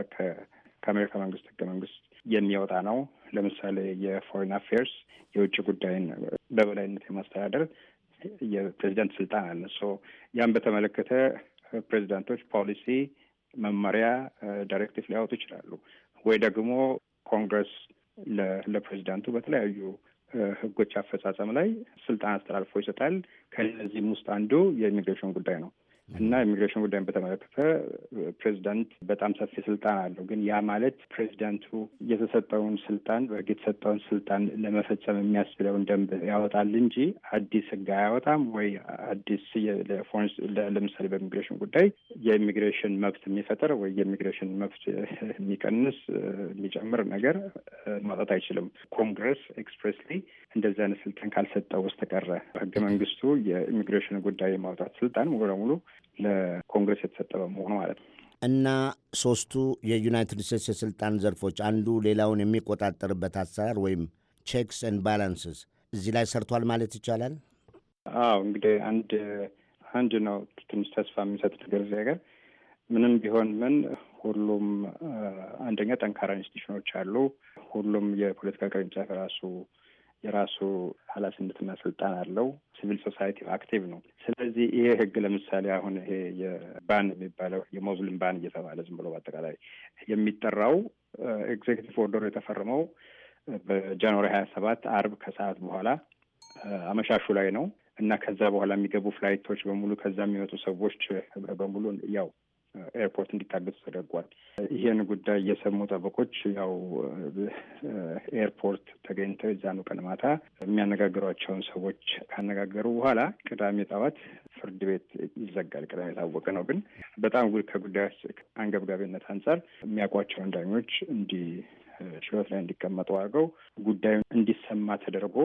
ከአሜሪካ መንግስት ህገ መንግስት የሚወጣ ነው። ለምሳሌ የፎሬን አፌርስ የውጭ ጉዳይን በበላይነት የማስተዳደር የፕሬዚዳንት ስልጣን አለ። ሶ ያን በተመለከተ ፕሬዚዳንቶች ፖሊሲ፣ መመሪያ፣ ዳይሬክቲቭ ሊያወጡ ይችላሉ ወይ ደግሞ ኮንግረስ ለፕሬዚዳንቱ በተለያዩ ህጎች አፈጻጸም ላይ ስልጣን አስተላልፎ ይሰጣል። ከነዚህም ውስጥ አንዱ የኢሚግሬሽን ጉዳይ ነው። እና ኢሚግሬሽን ጉዳይን በተመለከተ ፕሬዚዳንት በጣም ሰፊ ስልጣን አለው። ግን ያ ማለት ፕሬዚዳንቱ የተሰጠውን ስልጣን በህግ የተሰጠውን ስልጣን ለመፈጸም የሚያስችለውን ደንብ ያወጣል እንጂ አዲስ ህግ አያወጣም ወይ አዲስ ለምሳሌ በኢሚግሬሽን ጉዳይ የኢሚግሬሽን መብት የሚፈጠር ወይ የኢሚግሬሽን መብት የሚቀንስ የሚጨምር ነገር ማውጣት አይችልም። ኮንግረስ ኤክስፕሬስሊ እንደዚህ አይነት ስልጣን ካልሰጠው በስተቀረ ህገ መንግስቱ የኢሚግሬሽን ጉዳይ የማውጣት ስልጣን ሙሉ ለሙሉ ለኮንግረስ የተሰጠ በመሆኑ ማለት ነው እና ሶስቱ የዩናይትድ ስቴትስ የስልጣን ዘርፎች አንዱ ሌላውን የሚቆጣጠርበት አሰራር ወይም ቼክስ ኤንድ ባላንስስ እዚህ ላይ ሰርቷል ማለት ይቻላል። አዎ እንግዲህ አንድ አንድ ነው ትንሽ ተስፋ የሚሰጥ ነገር እዚህ ሀገር ምንም ቢሆን ምን ሁሉም አንደኛ ጠንካራ ኢንስቲቱሽኖች አሉ። ሁሉም የፖለቲካ ቅርንጫፍ ራሱ የራሱ ኃላፊነትና ስልጣን አለው። ሲቪል ሶሳይቲ አክቲቭ ነው። ስለዚህ ይሄ ህግ ለምሳሌ አሁን ይሄ የባን የሚባለው የሞዝሊም ባን እየተባለ ዝም ብሎ በአጠቃላይ የሚጠራው ኤግዜክቲቭ ኦርደር የተፈረመው በጃንዋሪ ሀያ ሰባት አርብ ከሰዓት በኋላ አመሻሹ ላይ ነው እና ከዛ በኋላ የሚገቡ ፍላይቶች በሙሉ ከዛ የሚመጡ ሰዎች በሙሉ ያው ኤርፖርት እንዲታገሱ ተደርጓል። ይህን ጉዳይ የሰሙ ጠበቆች ያው ኤርፖርት ተገኝተው የዛኑ ቀን ማታ የሚያነጋግሯቸውን ሰዎች ካነጋገሩ በኋላ ቅዳሜ ጠዋት ፍርድ ቤት ይዘጋል። ቅዳሜ የታወቀ ነው። ግን በጣም ከጉዳዩ አንገብጋቢነት አንጻር የሚያውቋቸውን ዳኞች እንዲ ችሎት ላይ እንዲቀመጡ አድርገው ጉዳዩ እንዲሰማ ተደርጎ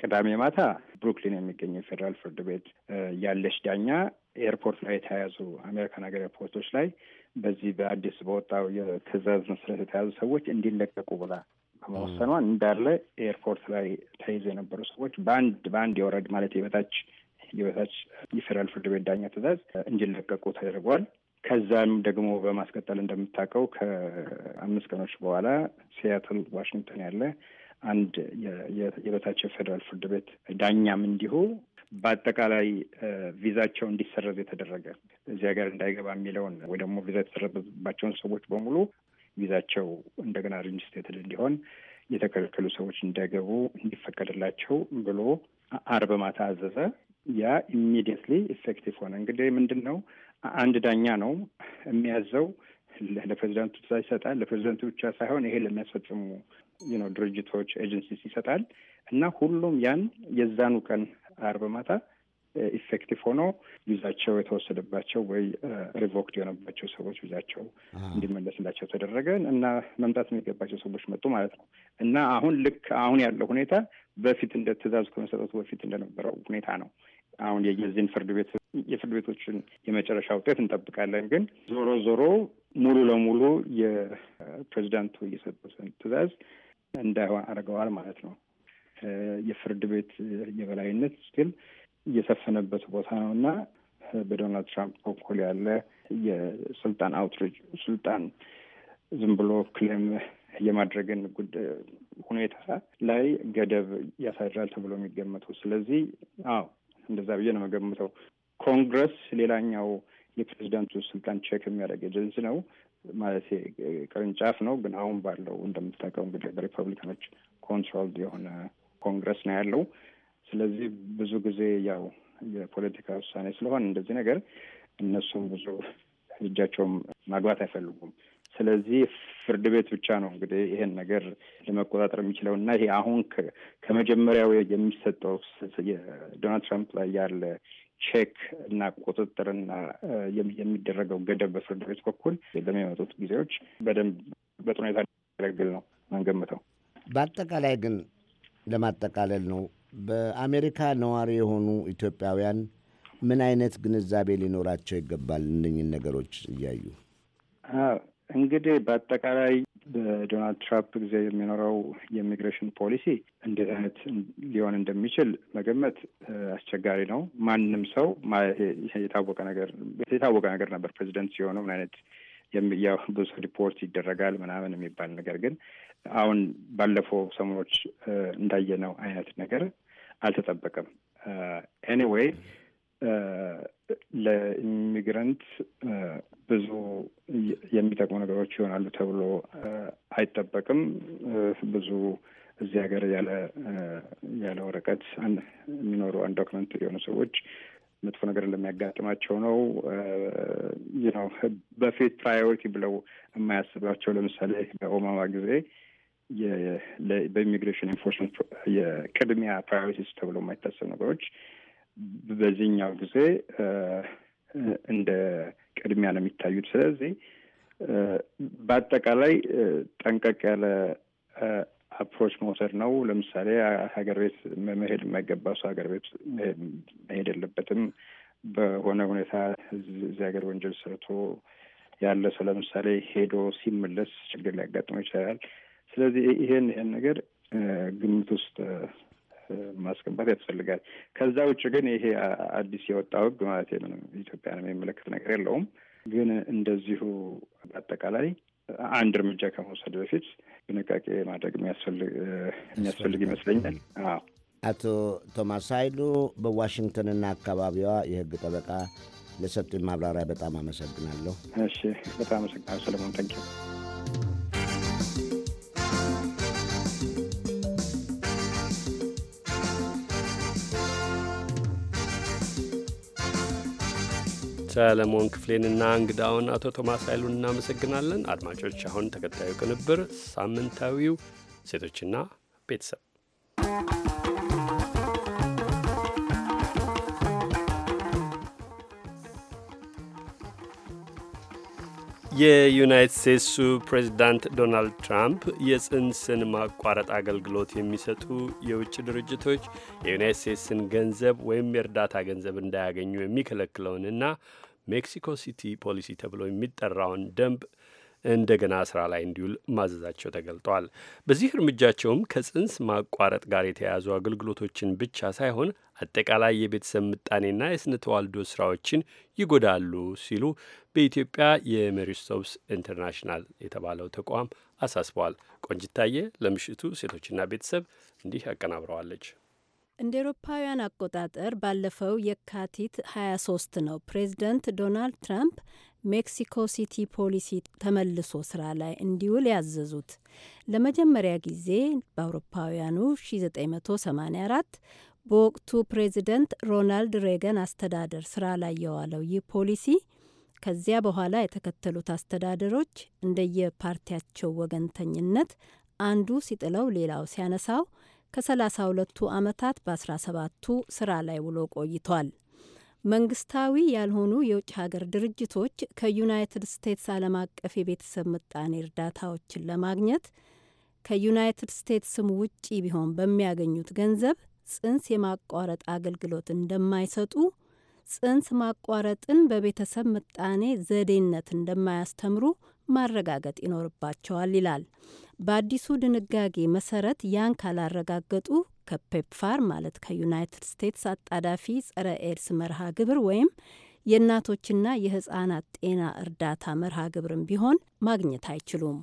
ቅዳሜ ማታ ብሩክሊን የሚገኘው ፌዴራል ፍርድ ቤት ያለች ዳኛ ኤርፖርት ላይ የተያያዙ አሜሪካን ሀገር ኤርፖርቶች ላይ በዚህ በአዲስ በወጣው የትዕዛዝ መሰረት የተያዙ ሰዎች እንዲለቀቁ ብላ በመወሰኗ እንዳለ ኤርፖርት ላይ ተይዞ የነበሩ ሰዎች በአንድ በአንድ የወረድ ማለት የበታች የበታች የፌዴራል ፍርድ ቤት ዳኛ ትዕዛዝ እንዲለቀቁ ተደርጓል። ከዛም ደግሞ በማስቀጠል እንደምታውቀው ከአምስት ቀኖች በኋላ ሲያትል ዋሽንግተን ያለ አንድ የበታች የፌዴራል ፍርድ ቤት ዳኛም እንዲሁ በአጠቃላይ ቪዛቸው እንዲሰረዝ የተደረገ እዚህ ሀገር እንዳይገባ የሚለውን ወይ ደግሞ ቪዛ የተሰረዘባቸውን ሰዎች በሙሉ ቪዛቸው እንደገና ሬጅስትሬትድ እንዲሆን የተከለከሉ ሰዎች እንዳይገቡ እንዲፈቀድላቸው ብሎ አርብ ማታ አዘዘ። ያ ኢሚዲየትሊ ኢፌክቲቭ ሆነ። እንግዲህ ምንድን ነው አንድ ዳኛ ነው የሚያዘው። ለፕሬዚዳንቱ ትዕዛዝ ይሰጣል። ለፕሬዚዳንቱ ብቻ ሳይሆን ይሄ ለሚያስፈጽሙ ድርጅቶች ኤጀንሲስ ይሰጣል እና ሁሉም ያን የዛኑ ቀን አርብ ማታ ኢፌክቲቭ ሆኖ ቪዛቸው የተወሰደባቸው ወይ ሪቮክድ የሆነባቸው ሰዎች ቪዛቸው እንዲመለስላቸው ተደረገ እና መምጣት የሚገባቸው ሰዎች መጡ ማለት ነው። እና አሁን ልክ አሁን ያለው ሁኔታ በፊት እንደ ትእዛዝ ከመሰጠቱ በፊት እንደነበረው ሁኔታ ነው። አሁን የዚህን ፍርድ ቤት የፍርድ ቤቶችን የመጨረሻ ውጤት እንጠብቃለን። ግን ዞሮ ዞሮ ሙሉ ለሙሉ የፕሬዚዳንቱ እየሰጡትን ትእዛዝ እንዳይሆን አድርገዋል ማለት ነው። የፍርድ ቤት የበላይነት ስቲል እየሰፈነበት ቦታ ነው እና በዶናልድ ትራምፕ በኩል ያለ የስልጣን አውትሪጅ ስልጣን ዝም ብሎ ክሌም የማድረግን ሁኔታ ላይ ገደብ ያሳድራል ተብሎ የሚገመተው። ስለዚህ አዎ እንደዛ ብዬ ነው የምገምተው። ኮንግረስ ሌላኛው የፕሬዚዳንቱ ስልጣን ቼክ የሚያደርግ ኤጀንሲ ነው ማለት ቅርንጫፍ ነው። ግን አሁን ባለው እንደምታውቀው እንግዲህ በሪፐብሊካኖች ኮንትሮል የሆነ ኮንግረስ ነው ያለው። ስለዚህ ብዙ ጊዜ ያው የፖለቲካ ውሳኔ ስለሆነ እንደዚህ ነገር እነሱም ብዙ እጃቸውም ማግባት አይፈልጉም። ስለዚህ ፍርድ ቤት ብቻ ነው እንግዲህ ይሄን ነገር ለመቆጣጠር የሚችለው እና ይሄ አሁን ከመጀመሪያው የሚሰጠው የዶናልድ ትራምፕ ላይ ያለ ቼክ እና ቁጥጥርና የሚደረገው ገደብ በፍርድ ቤት በኩል ለሚመጡት ጊዜዎች በደንብ በጥሩ ሁኔታ ያገለግል ነው መንገምተው። በአጠቃላይ ግን ለማጠቃለል ነው። በአሜሪካ ነዋሪ የሆኑ ኢትዮጵያውያን ምን አይነት ግንዛቤ ሊኖራቸው ይገባል? እነኝን ነገሮች እያዩ እንግዲህ በአጠቃላይ በዶናልድ ትራምፕ ጊዜ የሚኖረው የኢሚግሬሽን ፖሊሲ እንዴት አይነት ሊሆን እንደሚችል መገመት አስቸጋሪ ነው። ማንም ሰው የታወቀ ነገር የታወቀ ነገር ነበር ፕሬዚደንት ሲሆኑ ምን አይነት ብዙ ሪፖርት ይደረጋል ምናምን የሚባል ነገር ግን አሁን ባለፈው ሰሞኖች እንዳየነው አይነት ነገር አልተጠበቀም። ኤኒዌይ ለኢሚግራንት ብዙ የሚጠቅሙ ነገሮች ይሆናሉ ተብሎ አይጠበቅም። ብዙ እዚህ ሀገር ያለ ያለ ወረቀት የሚኖሩ አንድ ዶክመንት የሆኑ ሰዎች መጥፎ ነገር እንደሚያጋጥማቸው ነው ነው በፊት ፕራዮሪቲ ብለው የማያስባቸው ለምሳሌ በኦባማ ጊዜ በኢሚግሬሽን ኢንፎርስመንት የቅድሚያ ፕራዮሪቲስ ተብሎ የማይታሰብ ነገሮች በዚህኛው ጊዜ እንደ ቅድሚያ ነው የሚታዩት። ስለዚህ በአጠቃላይ ጠንቀቅ ያለ አፕሮች መውሰድ ነው። ለምሳሌ ሀገር ቤት መሄድ የማይገባ ሰው ሀገር ቤት መሄድ የለበትም። በሆነ ሁኔታ እዚህ ሀገር ወንጀል ሰርቶ ያለ ሰው ለምሳሌ ሄዶ ሲመለስ ችግር ሊያጋጥመው ይችላል። ስለዚህ ይሄን ይሄን ነገር ግምት ውስጥ ማስገባት ያስፈልጋል። ከዛ ውጭ ግን ይሄ አዲስ የወጣው ህግ ማለት ምንም ኢትዮጵያን የሚመለከት ነገር የለውም። ግን እንደዚሁ በአጠቃላይ አንድ እርምጃ ከመውሰድ በፊት ጥንቃቄ ማድረግ የሚያስፈልግ ይመስለኛል። አቶ ቶማስ ኃይሉ በዋሽንግተንና አካባቢዋ የህግ ጠበቃ ለሰጡኝ ማብራሪያ በጣም አመሰግናለሁ። እሺ፣ በጣም አመሰግናለሁ ሰለሞን። ታንኪ ሰለሞን ክፍሌንና እንግዳውን አቶ ቶማስ ኃይሉን እናመሰግናለን። አድማጮች፣ አሁን ተከታዩ ቅንብር ሳምንታዊው ሴቶችና ቤተሰብ የዩናይትድ ስቴትሱ ፕሬዚዳንት ዶናልድ ትራምፕ የጽንስን ማቋረጥ አገልግሎት የሚሰጡ የውጭ ድርጅቶች የዩናይትድ ስቴትስን ገንዘብ ወይም የእርዳታ ገንዘብ እንዳያገኙ የሚከለክለውንና ሜክሲኮ ሲቲ ፖሊሲ ተብሎ የሚጠራውን ደንብ እንደገና ስራ ላይ እንዲውል ማዘዛቸው ተገልጧል። በዚህ እርምጃቸውም ከጽንስ ማቋረጥ ጋር የተያያዙ አገልግሎቶችን ብቻ ሳይሆን አጠቃላይ የቤተሰብ ምጣኔና የስነ ተዋልዶ ስራዎችን ይጎዳሉ ሲሉ በኢትዮጵያ የሜሪ ኢንተርናሽናል የተባለው ተቋም አሳስበዋል። ቆንጅታየ ለምሽቱ ሴቶችና ቤተሰብ እንዲህ አቀናብረዋለች። እንደ ኤሮፓውያን አቆጣጠር ባለፈው የካቲት 23 ነው ፕሬዝደንት ዶናልድ ትራምፕ ሜክሲኮ ሲቲ ፖሊሲ ተመልሶ ስራ ላይ እንዲውል ያዘዙት። ለመጀመሪያ ጊዜ በአውሮፓውያኑ 1984 በወቅቱ ፕሬዝደንት ሮናልድ ሬገን አስተዳደር ስራ ላይ የዋለው ይህ ፖሊሲ ከዚያ በኋላ የተከተሉት አስተዳደሮች እንደየፓርቲያቸው ወገንተኝነት አንዱ ሲጥለው ሌላው ሲያነሳው ከ32ቱ ዓመታት በ17ቱ ስራ ላይ ውሎ ቆይቷል። መንግስታዊ ያልሆኑ የውጭ ሀገር ድርጅቶች ከዩናይትድ ስቴትስ ዓለም አቀፍ የቤተሰብ ምጣኔ እርዳታዎችን ለማግኘት ከዩናይትድ ስቴትስም ውጪ ቢሆን በሚያገኙት ገንዘብ ጽንስ የማቋረጥ አገልግሎት እንደማይሰጡ፣ ጽንስ ማቋረጥን በቤተሰብ ምጣኔ ዘዴነት እንደማያስተምሩ ማረጋገጥ ይኖርባቸዋል ይላል። በአዲሱ ድንጋጌ መሰረት ያን ካላረጋገጡ ከፔፕፋር ማለት ከዩናይትድ ስቴትስ አጣዳፊ ጸረ ኤድስ መርሃ ግብር ወይም የእናቶችና የህጻናት ጤና እርዳታ መርሃ ግብርም ቢሆን ማግኘት አይችሉም።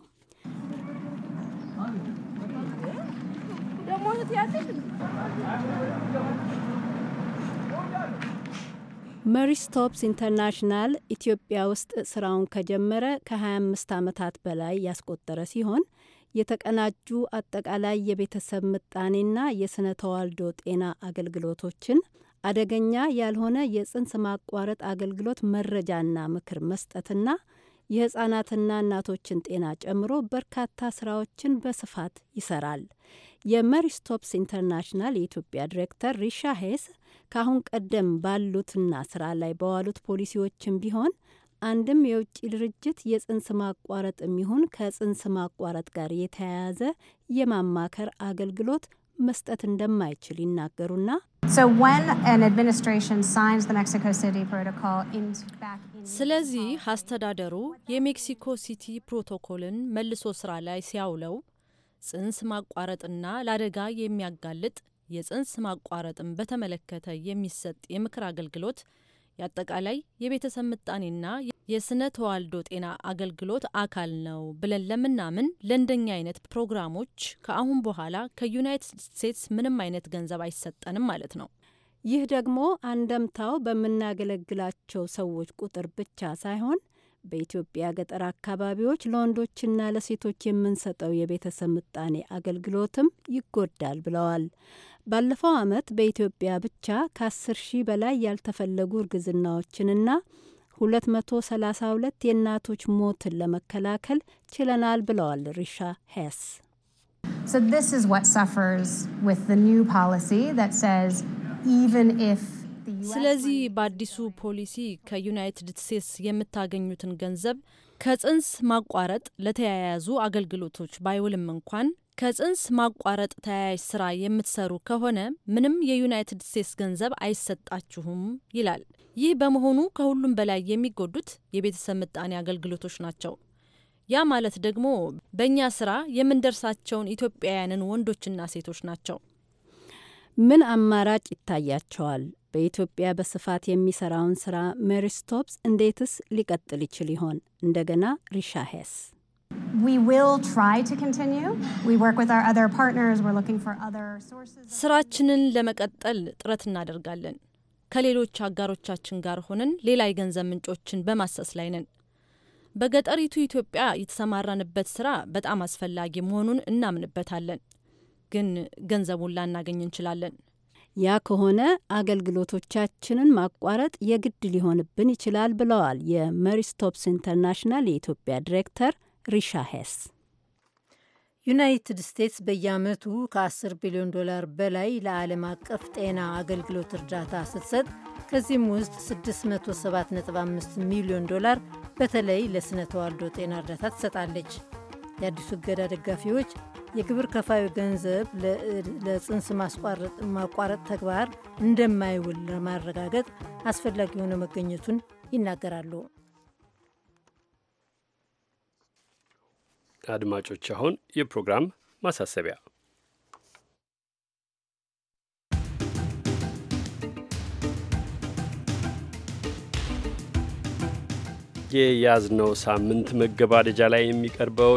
መሪ ስቶፕስ ኢንተርናሽናል ኢትዮጵያ ውስጥ ስራውን ከጀመረ ከ25 ዓመታት በላይ ያስቆጠረ ሲሆን የተቀናጁ አጠቃላይ የቤተሰብ ምጣኔና የስነ ተዋልዶ ጤና አገልግሎቶችን አደገኛ ያልሆነ የጽንስ ማቋረጥ አገልግሎት መረጃና ምክር መስጠትና የሕፃናትና እናቶችን ጤና ጨምሮ በርካታ ስራዎችን በስፋት ይሰራል። የመሪ ስቶፕስ ኢንተርናሽናል የኢትዮጵያ ዲሬክተር ሪሻ ሄስ ከአሁን ቀደም ባሉትና ስራ ላይ በዋሉት ፖሊሲዎችም ቢሆን አንድም የውጭ ድርጅት የጽንስ ማቋረጥ የሚሆን ከጽንስ ማቋረጥ ጋር የተያያዘ የማማከር አገልግሎት መስጠት እንደማይችል ይናገሩና ስለዚህ አስተዳደሩ የሜክሲኮ ሲቲ ፕሮቶኮልን መልሶ ስራ ላይ ሲያውለው ጽንስ ማቋረጥና ለአደጋ የሚያጋልጥ የጽንስ ማቋረጥን በተመለከተ የሚሰጥ የምክር አገልግሎት የአጠቃላይ የቤተሰብ ምጣኔና የስነ ተዋልዶ ጤና አገልግሎት አካል ነው ብለን ለምናምን ለእንደኛ አይነት ፕሮግራሞች ከአሁን በኋላ ከዩናይትድ ስቴትስ ምንም አይነት ገንዘብ አይሰጠንም ማለት ነው። ይህ ደግሞ አንደምታው በምናገለግላቸው ሰዎች ቁጥር ብቻ ሳይሆን በኢትዮጵያ ገጠር አካባቢዎች ለወንዶችና ለሴቶች የምንሰጠው የቤተሰብ ምጣኔ አገልግሎትም ይጎዳል ብለዋል። ባለፈው ዓመት በኢትዮጵያ ብቻ ከ10 ሺህ በላይ ያልተፈለጉ እርግዝናዎችንና 232 የእናቶች ሞትን ለመከላከል ችለናል ብለዋል ሪሻ ሄስ። ስለዚህ በአዲሱ ፖሊሲ ከዩናይትድ ስቴትስ የምታገኙትን ገንዘብ ከጽንስ ማቋረጥ ለተያያዙ አገልግሎቶች ባይውልም እንኳን ከጽንስ ማቋረጥ ተያያዥ ስራ የምትሰሩ ከሆነ ምንም የዩናይትድ ስቴትስ ገንዘብ አይሰጣችሁም ይላል። ይህ በመሆኑ ከሁሉም በላይ የሚጎዱት የቤተሰብ ምጣኔ አገልግሎቶች ናቸው። ያ ማለት ደግሞ በእኛ ስራ የምንደርሳቸውን ኢትዮጵያውያንን ወንዶችና ሴቶች ናቸው። ምን አማራጭ ይታያቸዋል? በኢትዮጵያ በስፋት የሚሰራውን ስራ ሜሪ ስቶፕስ እንዴትስ ሊቀጥል ይችል ይሆን? እንደገና ሪሻ ሄስ ስራችንን ለመቀጠል ጥረት እናደርጋለን። ከሌሎች አጋሮቻችን ጋር ሆነን ሌላ የገንዘብ ምንጮችን በማሰስ ላይ ነን። በገጠሪቱ ኢትዮጵያ የተሰማራንበት ስራ በጣም አስፈላጊ መሆኑን እናምንበታለን። ግን ገንዘቡን ላናገኝ እንችላለን። ያ ከሆነ አገልግሎቶቻችንን ማቋረጥ የግድ ሊሆንብን ይችላል ብለዋል የመሪስቶፕስ ኢንተርናሽናል የኢትዮጵያ ዲሬክተር ሪሻ ሄስ ዩናይትድ ስቴትስ በየዓመቱ ከ10 ቢሊዮን ዶላር በላይ ለዓለም አቀፍ ጤና አገልግሎት እርዳታ ስትሰጥ ከዚህም ውስጥ 675 ሚሊዮን ዶላር በተለይ ለሥነ ተዋልዶ ጤና እርዳታ ትሰጣለች። የአዲሱ እገዳ ደጋፊዎች የግብር ከፋዩ ገንዘብ ለጽንስ ማቋረጥ ተግባር እንደማይውል ለማረጋገጥ አስፈላጊ ሆኖ መገኘቱን ይናገራሉ። አድማጮች፣ አሁን የፕሮግራም ማሳሰቢያ የያዝነው ሳምንት መገባደጃ ላይ የሚቀርበው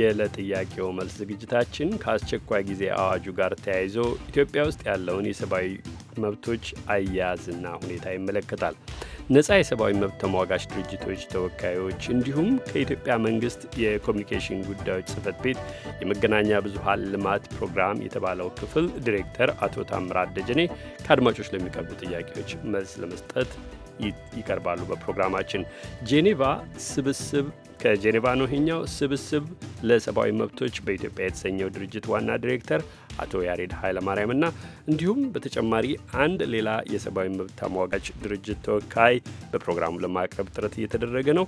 የለጥያቄው መልስ ዝግጅታችን ከአስቸኳይ ጊዜ አዋጁ ጋር ተያይዞ ኢትዮጵያ ውስጥ ያለውን የሰብአዊ መብቶች አያያዝና ሁኔታ ይመለከታል። ነጻ የሰብአዊ መብት ተሟጋች ድርጅቶች ተወካዮች እንዲሁም ከኢትዮጵያ መንግስት የኮሚኒኬሽን ጉዳዮች ጽህፈት ቤት የመገናኛ ብዙሃን ልማት ፕሮግራም የተባለው ክፍል ዲሬክተር አቶ ታምራት ደጀኔ ከአድማጮች ለሚቀርቡ ጥያቄዎች መልስ ለመስጠት ይቀርባሉ። በፕሮግራማችን ጄኔቫ ስብስብ ከጄኔቫ ሄኛው ስብስብ ለሰብአዊ መብቶች በኢትዮጵያ የተሰኘው ድርጅት ዋና ዲሬክተር አቶ ያሬድ ና እንዲሁም በተጨማሪ አንድ ሌላ የሰብአዊ መብት ተሟጋች ድርጅት ተወካይ በፕሮግራሙ ለማቅረብ ጥረት እየተደረገ ነው።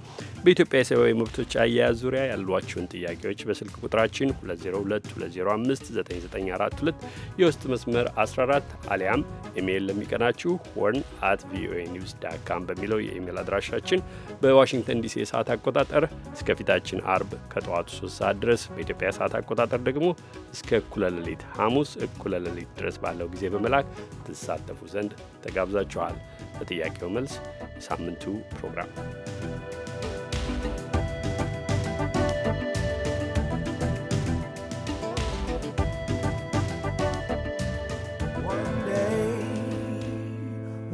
በኢትዮጵያ የሰብአዊ መብቶች አያያዝ ዙሪያ ያሏችሁን ጥያቄዎች በስልክ ቁጥራችን 2022059942 የውስጥ መስመር 14 አሊያም ኢሜይል ለሚቀናችሁ ሆርን አት ቪኦኤ ኒውስ ዳት ካም በሚለው የኢሜይል አድራሻችን በዋሽንግተን ዲሲ የሰዓት አቆጣጠር እስከፊታችን አርብ ከጠዋቱ 3 ሰዓት ድረስ በኢትዮጵያ ሰዓት አቆጣጠር ደግሞ እስከ እኩለ ሌሊት ሐሙስ እኩለ ሌሊት ድረስ ባለው ጊዜ በመላክ ትሳተፉ ዘንድ ተጋብዛችኋል። ለጥያቄው መልስ ሳምንቱ ፕሮግራም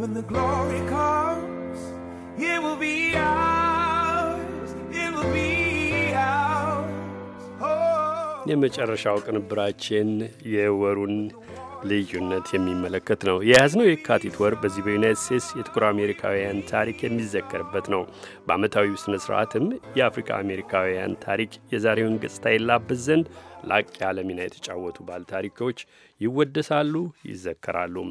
When the glory comes, it will be ours. የመጨረሻው ቅንብራችን የወሩን ልዩነት የሚመለከት ነው። የያዝነው የካቲት ወር በዚህ በዩናይት ስቴትስ የጥቁር አሜሪካውያን ታሪክ የሚዘከርበት ነው። በዓመታዊው ስነ ስርዓትም የአፍሪካ አሜሪካውያን ታሪክ የዛሬውን ገጽታ ይላበት ዘንድ ላቅ ያለ ሚና የተጫወቱ ባለ ታሪኮች ይወደሳሉ፣ ይዘከራሉም።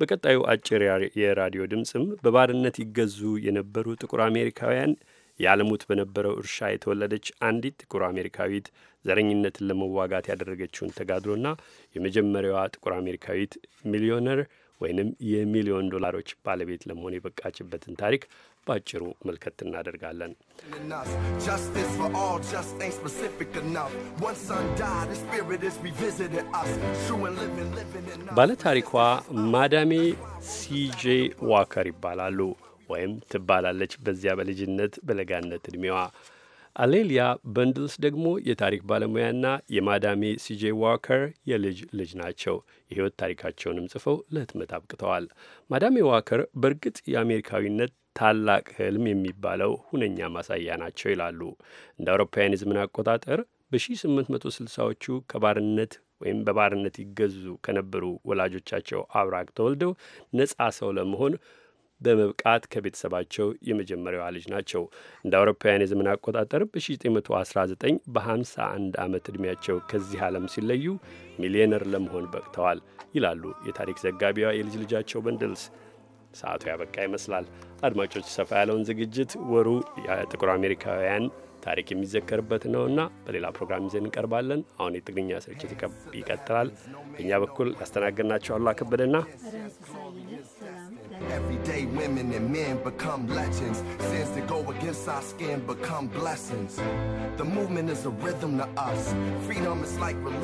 በቀጣዩ አጭር የራዲዮ ድምፅም በባርነት ይገዙ የነበሩ ጥቁር አሜሪካውያን ያለሙት በነበረው እርሻ የተወለደች አንዲት ጥቁር አሜሪካዊት ዘረኝነትን ለመዋጋት ያደረገችውን ተጋድሎና የመጀመሪያዋ ጥቁር አሜሪካዊት ሚሊዮነር ወይንም የሚሊዮን ዶላሮች ባለቤት ለመሆን የበቃችበትን ታሪክ በአጭሩ መልከት እናደርጋለን። ባለታሪኳ ማዳሜ ሲጄ ዋከር ይባላሉ። ወይም ትባላለች በዚያ በልጅነት በለጋነት ዕድሜዋ። አሌሊያ በንድልስ ደግሞ የታሪክ ባለሙያና የማዳሜ ሲጄ ዋከር የልጅ ልጅ ናቸው። የሕይወት ታሪካቸውንም ጽፈው ለህትመት አብቅተዋል። ማዳሜ ዋከር በእርግጥ የአሜሪካዊነት ታላቅ ህልም የሚባለው ሁነኛ ማሳያ ናቸው ይላሉ። እንደ አውሮፓውያን የዘመን አቆጣጠር በ1860ዎቹ ከባርነት ወይም በባርነት ይገዙ ከነበሩ ወላጆቻቸው አብራክ ተወልደው ነጻ ሰው ለመሆን በመብቃት ከቤተሰባቸው የመጀመሪያዋ ልጅ ናቸው። እንደ አውሮፓውያን የዘመን አቆጣጠር በ1919 በ51 ዓመት ዕድሜያቸው ከዚህ ዓለም ሲለዩ ሚሊዮነር ለመሆን በቅተዋል ይላሉ የታሪክ ዘጋቢዋ የልጅ ልጃቸው በንድልስ። ሰዓቱ ያበቃ ይመስላል። አድማጮች፣ ሰፋ ያለውን ዝግጅት ወሩ የጥቁር አሜሪካውያን ታሪክ የሚዘከርበት ነውና በሌላ ፕሮግራም ይዘን እንቀርባለን። አሁን የትግርኛ ስርጭት ይቀጥላል። በእኛ በኩል ያስተናገድናቸው አሉ አከበደና Everyday women and men become legends. Sins that go against our skin become blessings. The movement is a rhythm to us. Freedom is like religion.